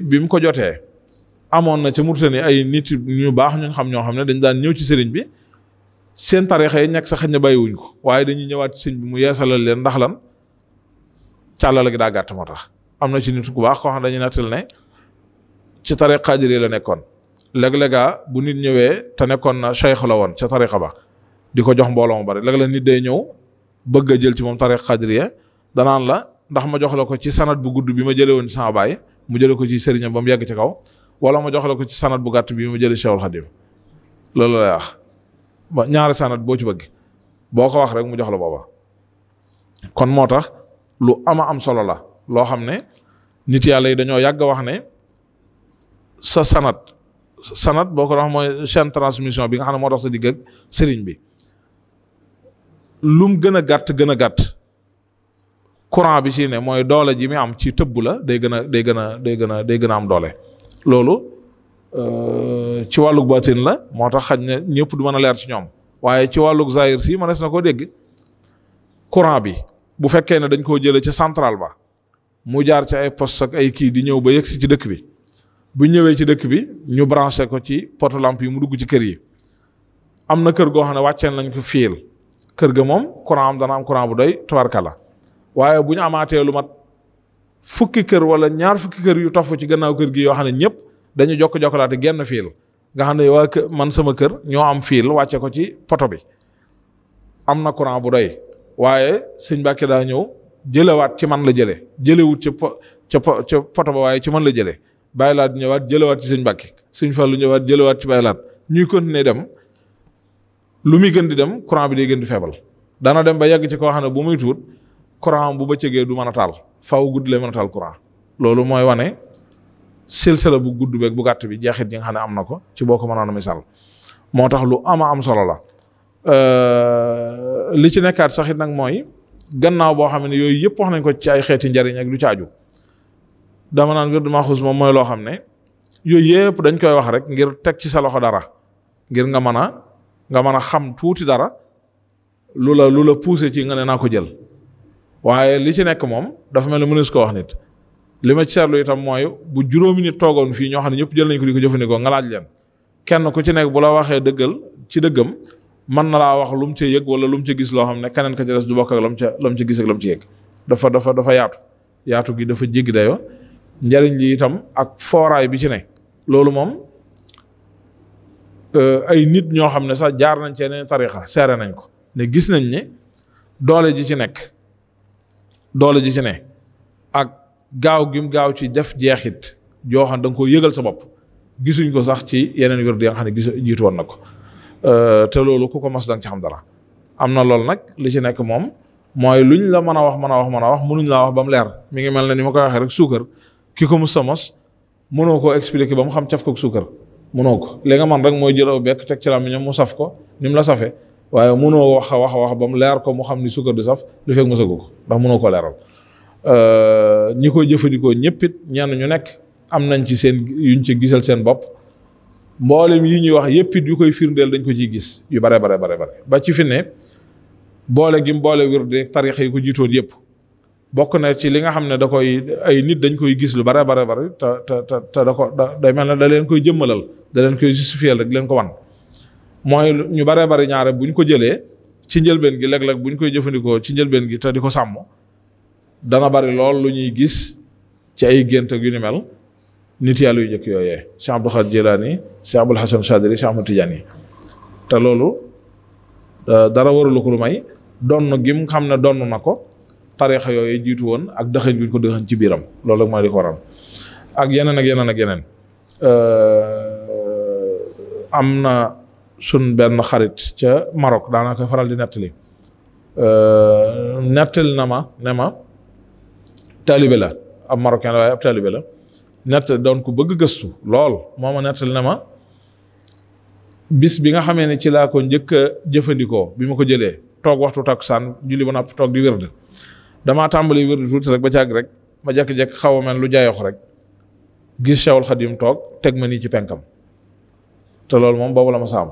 bi mu ko jotee amoon na ca Murtani ay nit ñu baax ñun xam ñoo xam ne dañ daan ñëw ci sëriñ bi seen tarixa yi ñàkk sa xëy na bàyyiwuñ ko waaye dañuy ñëwaat ci sëriñ bi mu yeesalal leen ndax lan càllala gi daa gàtt moo tax am na ci nit ku baax koo xam ne dañuy nattal ne ci tarixa xaadir la nekkoon léeg bu nit ñëwee te nekkoon na cheikh la woon ca tarixa ba di ko jox mbooloo mu bari léeg-léeg nit day ñëw bëgg a jël ci moom tariqa xadriya danaan la ndax ma jox la ko ci sanat bu gudd bi ma jëlee woon ci sama baay mu jëlee ko ci sëriñam ba mu yegg ci kaw wala ma jox la ko ci sanat bu gàtt bi ma jëlee Cheikhul Khadim loolu la wax ba ñaari sanat boo ci bëgg boo ko wax rek mu jox la booba kon moo tax lu ama am solo la loo xam ne nit yàlla yi dañoo yàgg wax ne sa sanat sanat boo ko wax mooy chaîne transmission bi nga xam ne moo tax sa digg sëriñ bi lum gën a gàtt gën a gàtt courant bi ci ne mooy doole ji mi am ci tëbb la day gën a day gën a day gën a day gën a am doole loolu euh, ci wàllug batin la moo tax xaj na ñëpp du mën a leer ci ñoom waaye ci wàllug zahir si mënees na koo dégg courant bi bu fekkee ne dañ koo jële ca centrale ba mu jaar ci ay post ak ay kii di ñëw ba yegg si ci dëkk bi bu ñëwee ci dëkk bi ñu branché ko ci poto làmp yi mu dugg ci kër yi am na kër goo xam ne wàcceen nañ ko fi kër ga moom courant am dana am courant bu doy la waaye bu ñu amaatee lu mat fukki kër wala ñaar fukki kër yu tofu ci gannaaw kër gi yoo xam ne ñëpp dañu jokk-jokkalaate genn fiil nga xam ne waa man sama kër ñoo am fiil wàcce ko ci poto bi am na courant bu doy waaye sëñ Mbàkke daa ñëw jëlewaat ci man la jële jëlewut ci po ca ca poto ba waaye ci man la jële bàyyilaat ñëwaat jëlewaat ci sëñ Mbàkke sëñ Fallu ñëwaat jëlewaat ci bàyyilaat ñuy ne dem lu muy gën di dem courant bi day gën di feebal dana dem ba yàgg ci koo xam ne bu muy tuut courant bu bëccëgee du mën a taal faaw gudd lee mën a taal courant loolu mooy wane silsila bu gudd beeg bu gàtt bi jeexit ji nga xam ne am na ko ci boo ko mënoon a misaal moo tax lu ama am solo la li ci nekkaat sax it nag mooy gannaaw boo xam ne yooyu yëpp wax nañ ko ci ay xeeti njariñ ak lu caaju dama naan wirdu maxuus moom mooy loo xam ne yooyu yëpp dañ koy wax rek ngir teg ci sa loxo dara ngir nga mën a nga mën a xam tuuti dara lu la lu la poussé ci nga ne naa ko jël waaye li ci nekk moom dafa mel ni mënees ko wax nit li ma ci itam mooy bu juróomi nit toogoon fii ñoo xam ne ñëpp jël nañ ko di ko jëfandikoo nga laaj leen kenn ku ci nekk bu la waxee dëggal ci dëggam mën na laa wax lu mu ca yëg wala lu mu ca gis loo xam ne keneen ka ci des du bokk ak lam ca lam ca gis ak lam ca yëg dafa dafa dafa yaatu yaatu gi dafa jéggi dayoo njariñ li itam ak fooraay bi ci ne loolu moom Euh, ay nit ñoo xam ne sax jaar nañ ci yeneen tarixa seere nañ ko ne gis nañ ni doole ji ci nekk doole ji ci ne ak gaaw gim gaaw ci def jeexit joo xam da ko yëgal sa bopp gisuñ ko sax ci yeneen wérdu yaa nga xam ne gis jiitu na ko euh, te loolu ku ko mas danga ci xam dara am na loolu nag li ci nekk moom mooy luñ la mën a wax mën a wax mën a wax mënuñ laa wax ba mu leer mi ngi mel ne ni ma koy waxee rek suukar ki ko mos sa mos mënoo koo expliquer ba mu xam caf koog suukar mënoo ko li nga man rek mooy jël aw bekk teg ci ñoom mu saf ko ni mu la safee waaye mënoo wax a wax a wax ba mu leer ko mu xam ni sukkar du saf lu fekk mu sëggu ko ndax mënoo ko leeral euh, ñi koy jëfandikoo ñëpp it ñenn ñu nekk am nañ ci seen yuñ ci gisal seen bopp mboolem yi ñuy wax yëpp yu koy firndeel dañ ko ciy gis yu bare bare bare ba ci fi ne boole gi mu boole wirde tarix yi ko jiitoon yëpp bokk na ci li nga xam ne da koy ay nit dañ koy gis lu bare bare bari te te te da ko da day mel ne da leen koy jëmmalal da leen koy justifier rek leen ko wan mooy ñu bare bari ñaare bu ñu ko jëlee ci njëlbeen gi léeg-léeg bu ñu koy jëfandikoo ci njëlbeen gi te di ko sàmm dana bari lool lu ñuy gis ci ay gént ak yu ni mel nit yàlla yu njëkk yooyee Cheikh Abdou Khadir Jilani Cheikh Abul Hasan Chadri Cheikh Ahmad te loolu dara warulu ko lu may donn gim xam ne donn na ko tarixa yooyu jiitu woon ak dëxëñ guñ ko dëxëñ ci biiram loolu rek mooy di ko waral ak yeneen ak yeneen ak yeneen euh, am na sun benn xarit ca Maroc daanaka faral di nettali euh, nettali na ma ne ma taalibe la ab marocain la waaye ab taalibe la nett doon ko bëgg gëstu lool moo ma nettali ne ma bis bi nga xamee ne ci laa ko njëkk jëfandikoo bi ma ko jëlee toog waxtu takkusaan julli ba noppi toog di wérd damaa tàmbali wér tuuti rek ba càgg rek ma jekk-jekk xaw a mel lu jaayox rek gis Cheikhul Khadim toog teg ma nii ci penkam te loolu moom boobu la ma saam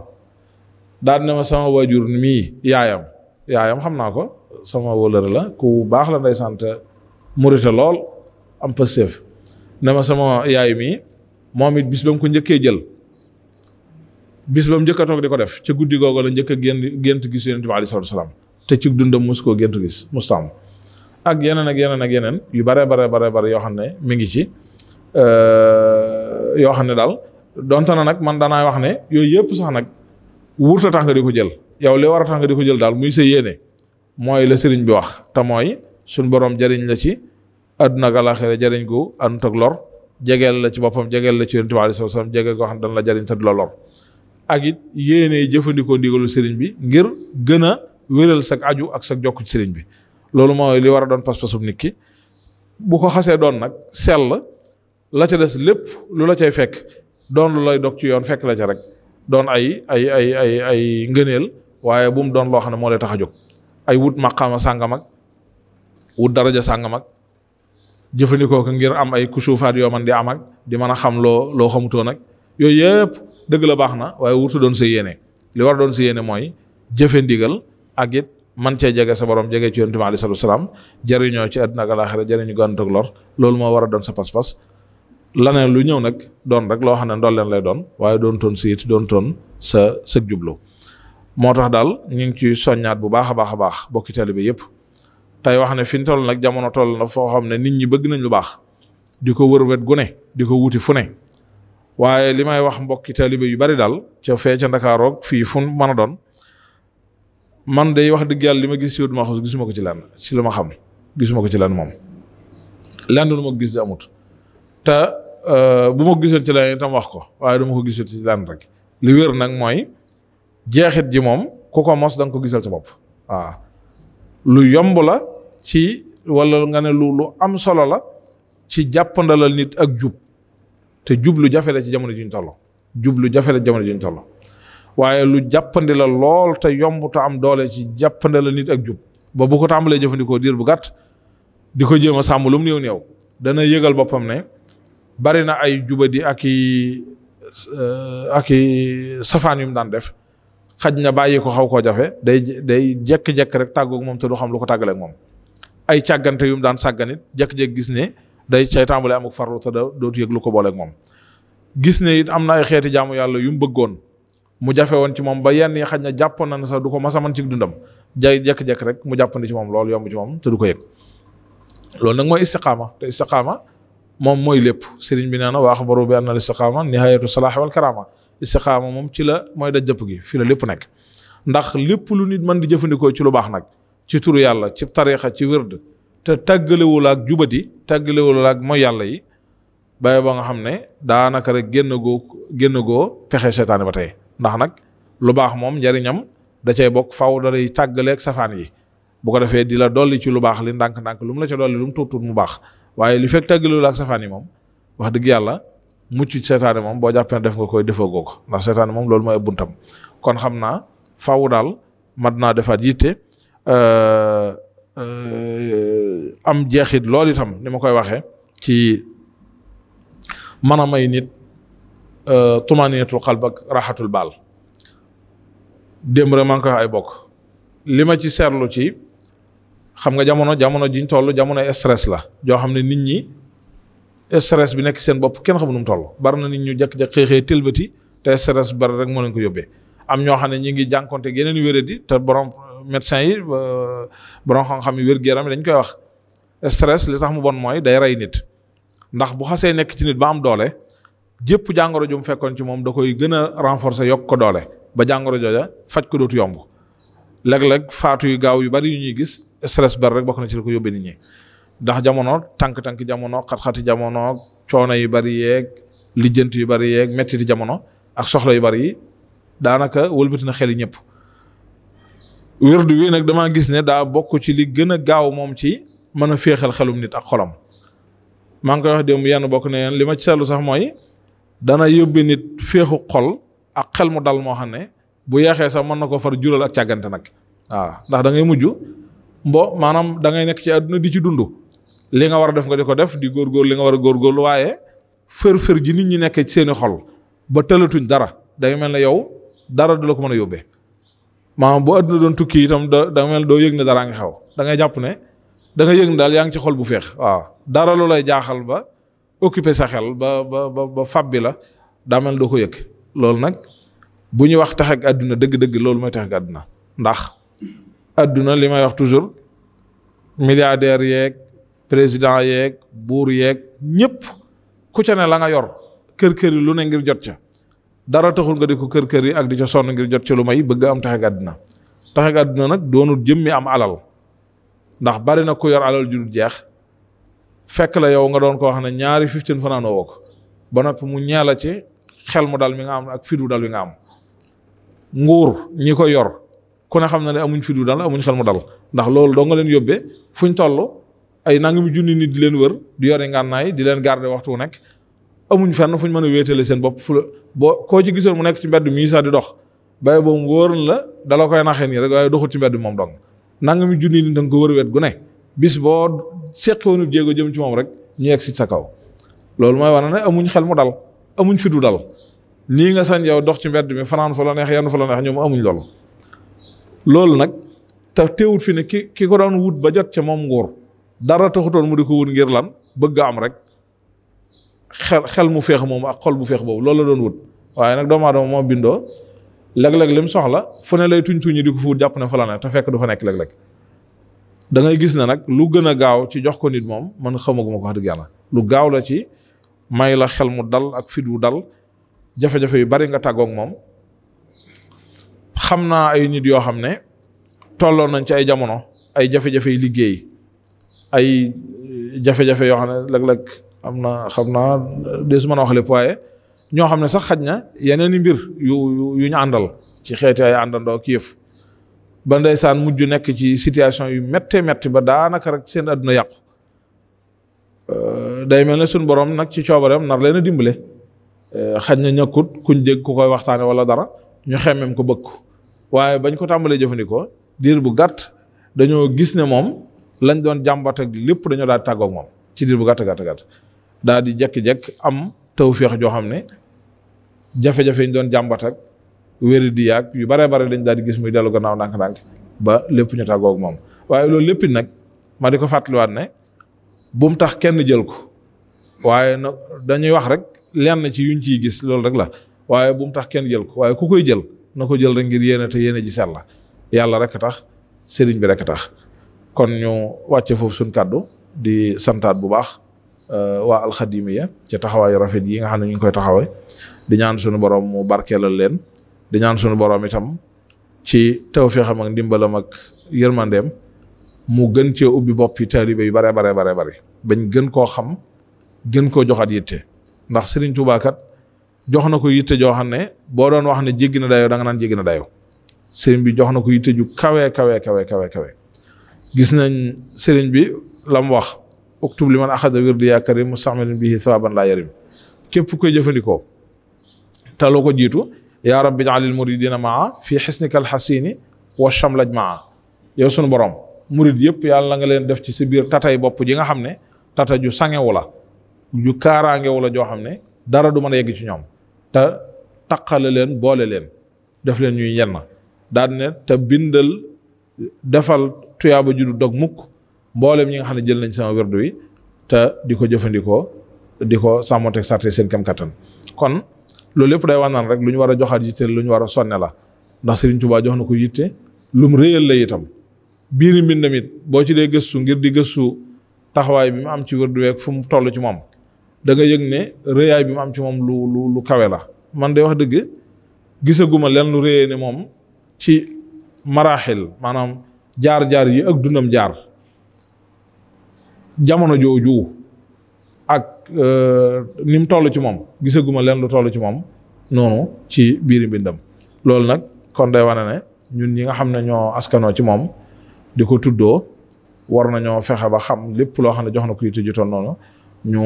daal ne ma sama waajur mii yaayam yaayam xam naa ko sama wóllëre la ku baax la nday sant murite lool am pëstéef ne ma sama yaay mii moom it bis ba mu ko njëkkee jël bis ba mu njëkk a toog di ko def ca guddi googu la njëkk a génn gént gis yonent bi aleyhi salaatu salaam te ci dundam mos koo gént gis mustaam ak yeneen ak yeneen ak yeneen yu bare bare bare bare yoo xam ne mi ngi ci euh, yoo xam ne daal donte na nag man danaa wax ne yooyu yëpp sax nag wurta tax nga di ko jël yow li war a tax nga di ko jël daal muy sa yéene mooy la sëriñ bi wax te mooy suñ borom jariñ la ci àdduna ak àlaxira jariñ gu àndut ak lor jegeel la ci boppam jegeel la ci yonent bi sallallahu alayhi wasallam jegeel goo xam ne dana la jariñ te du la lor ak it yéene jëfandikoo ndigalu sëriñ bi ngir gën a wéral sa aju ak sa ci sëriñ bi loolu mooy li war a doon pas-pasub nit ki bu ko xasee doon nag sell la ca des lépp lu la cay fekk doon lu lay dog ci yoon fekk la ca rek doon ay ay ay ay ay ngëneel waaye bu mu doon loo xam ne moo lay tax a jóg ay wut maqaama sàngamag wut daraja sàngam ak jëfandikoo ko ngir am ay kusuufaat yoo man di am ak di mën a xam loo loo xamutoon nag yooyu yëpp dëgg la baax na waaye wutu doon sa yéene li war doon sa yéene mooy jëfe ndigal ak it man cee jege sa borom jege ci yonent bi alayhi salaatu salaam jëriñoo ci àdduna ak alaaxira jëriñu gànt ak lor loolu moo war a doon sa pas-pas laneen lu ñëw nag doon rek loo xam ne ndool leen lay doon waaye doon toon sa it doon toon sa sëg jublo moo tax daal ñu ngi ciy soññaat bu baax a baax a baax bokki taalibe yëpp tey wax ne fi ñu toll nag jamono toll na foo xam ne nit ñi bëgg nañ lu baax di ko wër wet gu di ko wuti fu ne waaye li may wax mbokki taalibe yu bari daal ca fee ca fii fu mën a doon man day wax dëgg yàlla li ma gis si wut ma xos gisuma ko ci lenn ci lu ma xam gisuma ko ci lenn moom lenn lu ma gis amut te euh, bu ma gisoon ci lenn itam wax ko waaye du ko gisoon ci lenn rek li wér nag mooy jeexit ji moom ku ko mos danga ko gisal sa bopp waaw lu yomb la ci wala nga ne lu am solo la ci jàppandalal nit ak jub te jub lu jafe la ci jamono juñ toll jub lu jafe la ci jamono juñ toll waaye lu jàppandi la lool te yomb te am doole ci jàppandi la nit ak jub ba bu ko tàmbalee jëfandikoo diir bu gàtt di ko jéem a sàmm lu mu néew néew dana yëgal boppam ne bari na ay jubadi ak i euh, ak safaan yu mu daan def xaj na bàyyi ko xaw koo jafe day day jekk-jekk rek tàggoog moom te du xam lu ko tàggaleeg moom ay càggante yu daan sàgganit jekk-jekk gis ne day cay tàmbalee amuk farlu te dootu yëg lu ko booleeg moom gis ne it am na ay xeeti jaamu yàlla yu mu bëggoon mu jafe ci moom ba yenn yi xaj na jàppoon na ne sax du ko mas a mën ci dundam jay jekk-jekk rek mu jàppandi ci moom loolu yomb ci moom te du ko yëg loolu nag mooy istiqaama te istiqaama moom mooy lépp sëriñ bi nee na wa axbaru bi anna al istiqaama nihayatu salaax wal karaama istiqaama moom ci la mooy daj jëpp gi fii la lépp nekk ndax lépp lu nit man di jëfandikoo ci lu baax nag ci turu yàlla ci tariixa ci wird te tàggalewul ak jubati tàggalewul ak mooy yàlla yi bàyyi ba nga xam ne daanaka rek génn goo génn goo pexe seytaane ba tey ndax nag lu baax moom njariñam da cay bokk faw da lay tàggaleeg safaan yi bu ko defee di la dolli ci lu baax li ndànk-ndànk lu mu la ca dolli lu mu tuut tuut mu baax waaye li fekk tàggalewu la ak safaan yi moom wax dëgg yàlla mucc ci moom boo jàppee def nga koy defagoo ko ndax seetaane moom loolu mooy buntam kon xam naa faw daal mat naa defaat yitte euh, euh, am jeexit lool itam ni ma koy waxee ci mën nit. Euh, tumaaniyatul xalb ak raxatul baal démb rek koy ay bokk li ma ci seetlu ci xam nga jamono jamono jiñ toll jamono stress la joo xam ne nit ñi stress bi nekk seen bopp kenn xamu nu mu toll bari na nit ñu jekk-jekk xeexee tëlbati te stress bari rek moo leen ko yóbbee am ñoo xam ne ñi ngi jànkonte yeneen wéradi te borom médecin yi borom xam-xam yi wér-gu-yaram dañ koy wax stress li tax mu bon mooy day rey nit ndax bu xasee nekk ci nit ba am doole jëpp jàngoro ju mu fekkoon ci moom da koy gën a renforcer yokk ko doole ba jàngoro jooja faj ko dootu yomb léeg-léeg faatu yu gaaw yu bari yu ñuy gis stress ber rek bokk na ci li ko yóbbee nit ñi ndax jamono tànk-tànk jamono xat-xati jamono coono yu bari yeeg lijjant yu bari yeeg mettiti jamono ak soxla yu bari yi daanaka wëlbati xel yi ñëpp. wérdu wi nag damaa gis ne daa bokk ci li gën a gaaw moom ci mën a féexal xelum nit ak xolam maa ngi koy wax démb yenn bokk na li ma ci seetlu sax mooy. dana yóbbi nit féexu xol ak xel mu dal moo xam ne bu yeexee sax mën na ko far jural ak càggante nag waaw ndax dangay mujj mbo maanaam da ngay nekk ci àdduna di ci dund li nga war a def nga di ko def di góorgóor li nga war a góorgóorlu waaye fër-fër ji nit ñi nekkee ci seeni xol ba tëlatuñ dara day mel ne yow dara du la ko mën a yóbbee maanaam bu àdduna doon tukki itam da da mel doo yëg ne daraa ngi xew dangay jàpp ne da yëg ne daal yaa ngi ci xol bu feex waaw dara lu lay jaaxal ba occuper sa xel ba ba ba fab bi la daa doo ko yëg loolu nag bu ñu wax tax ak àdduna dëgg-dëgg loolu mooy tax àdduna ndax àdduna li may wax toujours milliardaire yeeg président yeeg buur yeeg ñëpp ku ca ne la nga yor kër kër lu ne ngir jot ca dara taxul nga di ko kër kër yi ak di ca sonn ngir jot ca lu may bëgg am tax ak àdduna tax àdduna nag doonul jëmmi am alal ndax bari na ku yor alal ju dul jeex. fekk la yow nga doon ko wax ne ñaari fifteen fanaanoo woo ko ba noppi mu la ci xel mu dal mi nga am ak fidu dal mi nga am nguur ñi ko yor ku ne xam na ne amuñ fidu dal amuñ xel mu dal ndax loolu doo nga leen yóbbee fu ñu toll ay nangami junni nit di leen wër di yore ngànnaay di leen garder waxtu nekk amuñ fenn ñu mën a wéetale seen bopp fu la boo koo ci gisoon mu nekk ci mbedd mi sax di dox bàyyi boobu wóor la dala koy naxee nii rek waaye doxul ci mbedd moom dong nangami junni nit da nga ko wër wet gu ne bis boo seqoonu jéego jëm ci moom rek ñu yegg sa kaw loolu mooy wane ne amuñ xel mu dal amuñ fi du dal nii nga sañ yow dox ci mbedd mi fanaan fa la neex yenn fa amuñ loolu. loolu nag te teewut fi ne ki ko doon wut ba jot ca moom dara taxutoon mu di ko wut ngir lan bëgg am rek xel xel mu feex moom ak xol bu feex boobu lool la doon wut waaye nag doomu aadama moo bindoo léeg-léeg lim soxla fu ne lay tuñ tuñi di ko fu wut jàpp ne fa la neex te fekk du fa nekk léeg-léeg dangay gis ne nag lu gën a gaaw ci jox ko nit moom man xamaguma ko wax dëgg yàlla lu gaaw la ci may la xel mu dal ak fit wu dal jafe-jafe yu bari nga tàggoog moom xam naa ay nit yoo xam ne tolloon nañ ci ay jamono ay jafe-jafe liggéey ay jafe-jafe yoo xam ne léeg-léeg am na xam naa des mën a wax lépp waaye ñoo xam ne sax xaj na yeneen i mbir yu yu ñu àndal ci xeeti ay àndandoo ak ba ndeysaan mujj nekk ci situation yu méttee métti ba daanaka rek seen àdduna yàqu euh, day mel ne suñ borom nag ci coobareem nar leen a dimbale euh, xaj na ñàkkut kuñ dégg ku koy waxtaane wala dara ñu xemmem ko bëgg waaye bañ ko tàmbalee jëfandikoo diir bu gàtt dañoo gis ne moom lañ doon jàmbat ak lépp dañoo daal tàggoog moom ci diir bu gàtt gàtt gàtt daal di jekki-jekk am tawféex joo xam ne jafe-jafe ñu doon jàmbat wéri di yàgg yu bare bare dañ daal di gis muy dellu gannaaw ndànk-ndànk ba lépp ñu tàggoog moom waaye loolu lépp nag ma di ko fàttaliwaat ne bum tax kenn jël ko waaye nag dañuy wax rek lenn ci yuñ ciy gis loolu rek la waaye bum tax kenn jël ko waaye ku koy jël na ko jël rek ngir yéene te yéene ji sell la yàlla rek tax sëriñ bi rek tax kon ñu wàcce foofu suñ kàddu di santaat bu baax euh, waa alxadimiya ci taxawaayu rafet yi nga xam ne ñu ngi koy taxawee di ñaan suñu borom mu barkeelal leen. di ñaan suñu borom itam ci tew tawfeexam ak ndimbalam ak yërmandeem mu gën cee ubbi boppi taalibe yu bare bare bare bare bañ gën koo xam gën koo joxaat yitte ndax Serigne Touba kat jox na ko yitte joo xam ne boo doon wax ne jéggi na dayoo da nga naan jéggi na dayoo Serigne bi jox na ko yitte ju kawe kawe kawe kawe gis nañ Serigne bi la mu wax uktub li man axada wirdi yaa karim mustaxmalin bihi sawaban laa yarim képp koy jëfandikoo taloo ko jiitu yaa rabbi jaalil muridina maa fii xisnikal xasini wa shamlaj maa yow sunu borom murid yëpp yàlla nga leen def ci si biir tatay bopp ji nga xam ne tata ju sangewu la ju kaaraangewu la joo xam ne dara du mën a yegg ci ñoom te taqale leen boole leen def leen ñuy yenn daan ne te bindal defal tuyaaba ju du dog mukk mboolem ñi nga xam ne jël nañ sama wirdu wi te di ko jëfandikoo di ko sàmmonteeg sarte seen kam kon loolu yëpp day wax naan rek lu ñu war a joxaat yitte lu ñu war a sonne la ndax Serigne Touba jox na ko yitte lum réyal la itam biir mbind mi boo ci dee gëstu ngir di gëstu taxawaay bi mu am ci wérdu week fu mu toll ci moom da nga yëg ne rëyaay bi mu am ci moom lu lu lu kawe la man de wax dëgg gisaguma leen lu réyee ne moom ci maraaxil maanaam jaar-jaar yi ak dundam jaar jamono jooju Euh, ni mu toll ci moom gisaguma leen lu toll ci moom noonu ci biir mbindam loolu nag kon day wane ne ñun ñi nga xam ne ñoo askanoo ci moom di ko tuddoo war nañoo fexe ba xam lépp loo xam ne jox na ko yitte ju toll ñu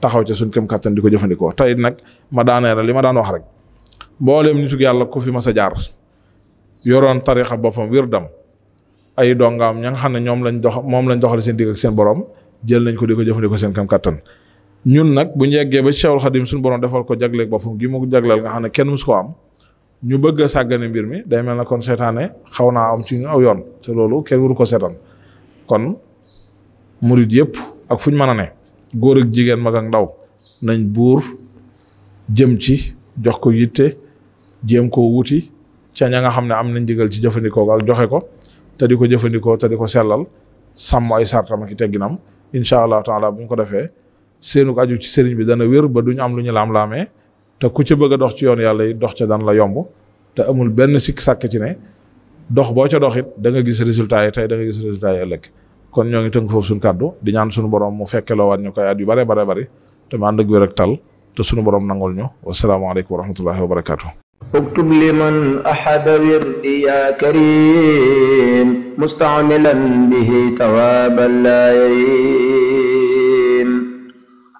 taxaw ca suñ këm kàttan di ko jëfandikoo tey nag ma daaneel li ma daan wax rek mbooleem nitu yàlla ku fi mas a jaar yoroon tarixa boppam wirdam ay dongaam ña nga xam ne ñoom lañ jox moom lañ joxal seen digg ak seen borom jël nañ ko di ko jëfandikoo seen kam kattan ñun nag bu ñu yeggee ba Cheikhul Khadim suñu borom defal ko jagleeg boppam gi mu ko jagleel nga xam ne kenn musu ko am ñu bëgg a sàggane mbir mi day mel na kon seetaane xaw naa am ci ñu aw yoon te loolu kenn waru ko seetaan kon murid yëpp ak fu mën a ne góor ak jigéen mag ak ndaw nañ buur jëm ci jox ko yitte jéem ko wuti ca ña nga xam ne am nañ jëgal ci jëfandikoo ak joxe ko te di ko jëfandikoo te di ko sellal sàmm ay sartam ak i tegginam incha allah taala bu ñu ko defee. seenu ko aju ci sëriñ bi dana wér ba duñu am lu ñu laam-laamee te ku ca bëgg a dox ci yoon yàlla yi dox ca daan la yomb te amul benn sikk sàkk ci ne dox boo ca dox it da nga gis résultat yi tey da nga gis résultat yi ëllëg kon ñoo ngi tënk foofu suñu kàddu di ñaan suñu borom mu fekkeloo waat ñu koy at yu bare bare bari te mu ànd ak wér tal te suñu borom nangul ñu wasalaamaaleykum wa rahmatullahi wa barakaatu. اكتب لمن أحب وردي يا كريم مستعملا به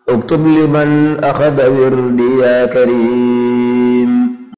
اكتب لمن أخذ وردي يا كريم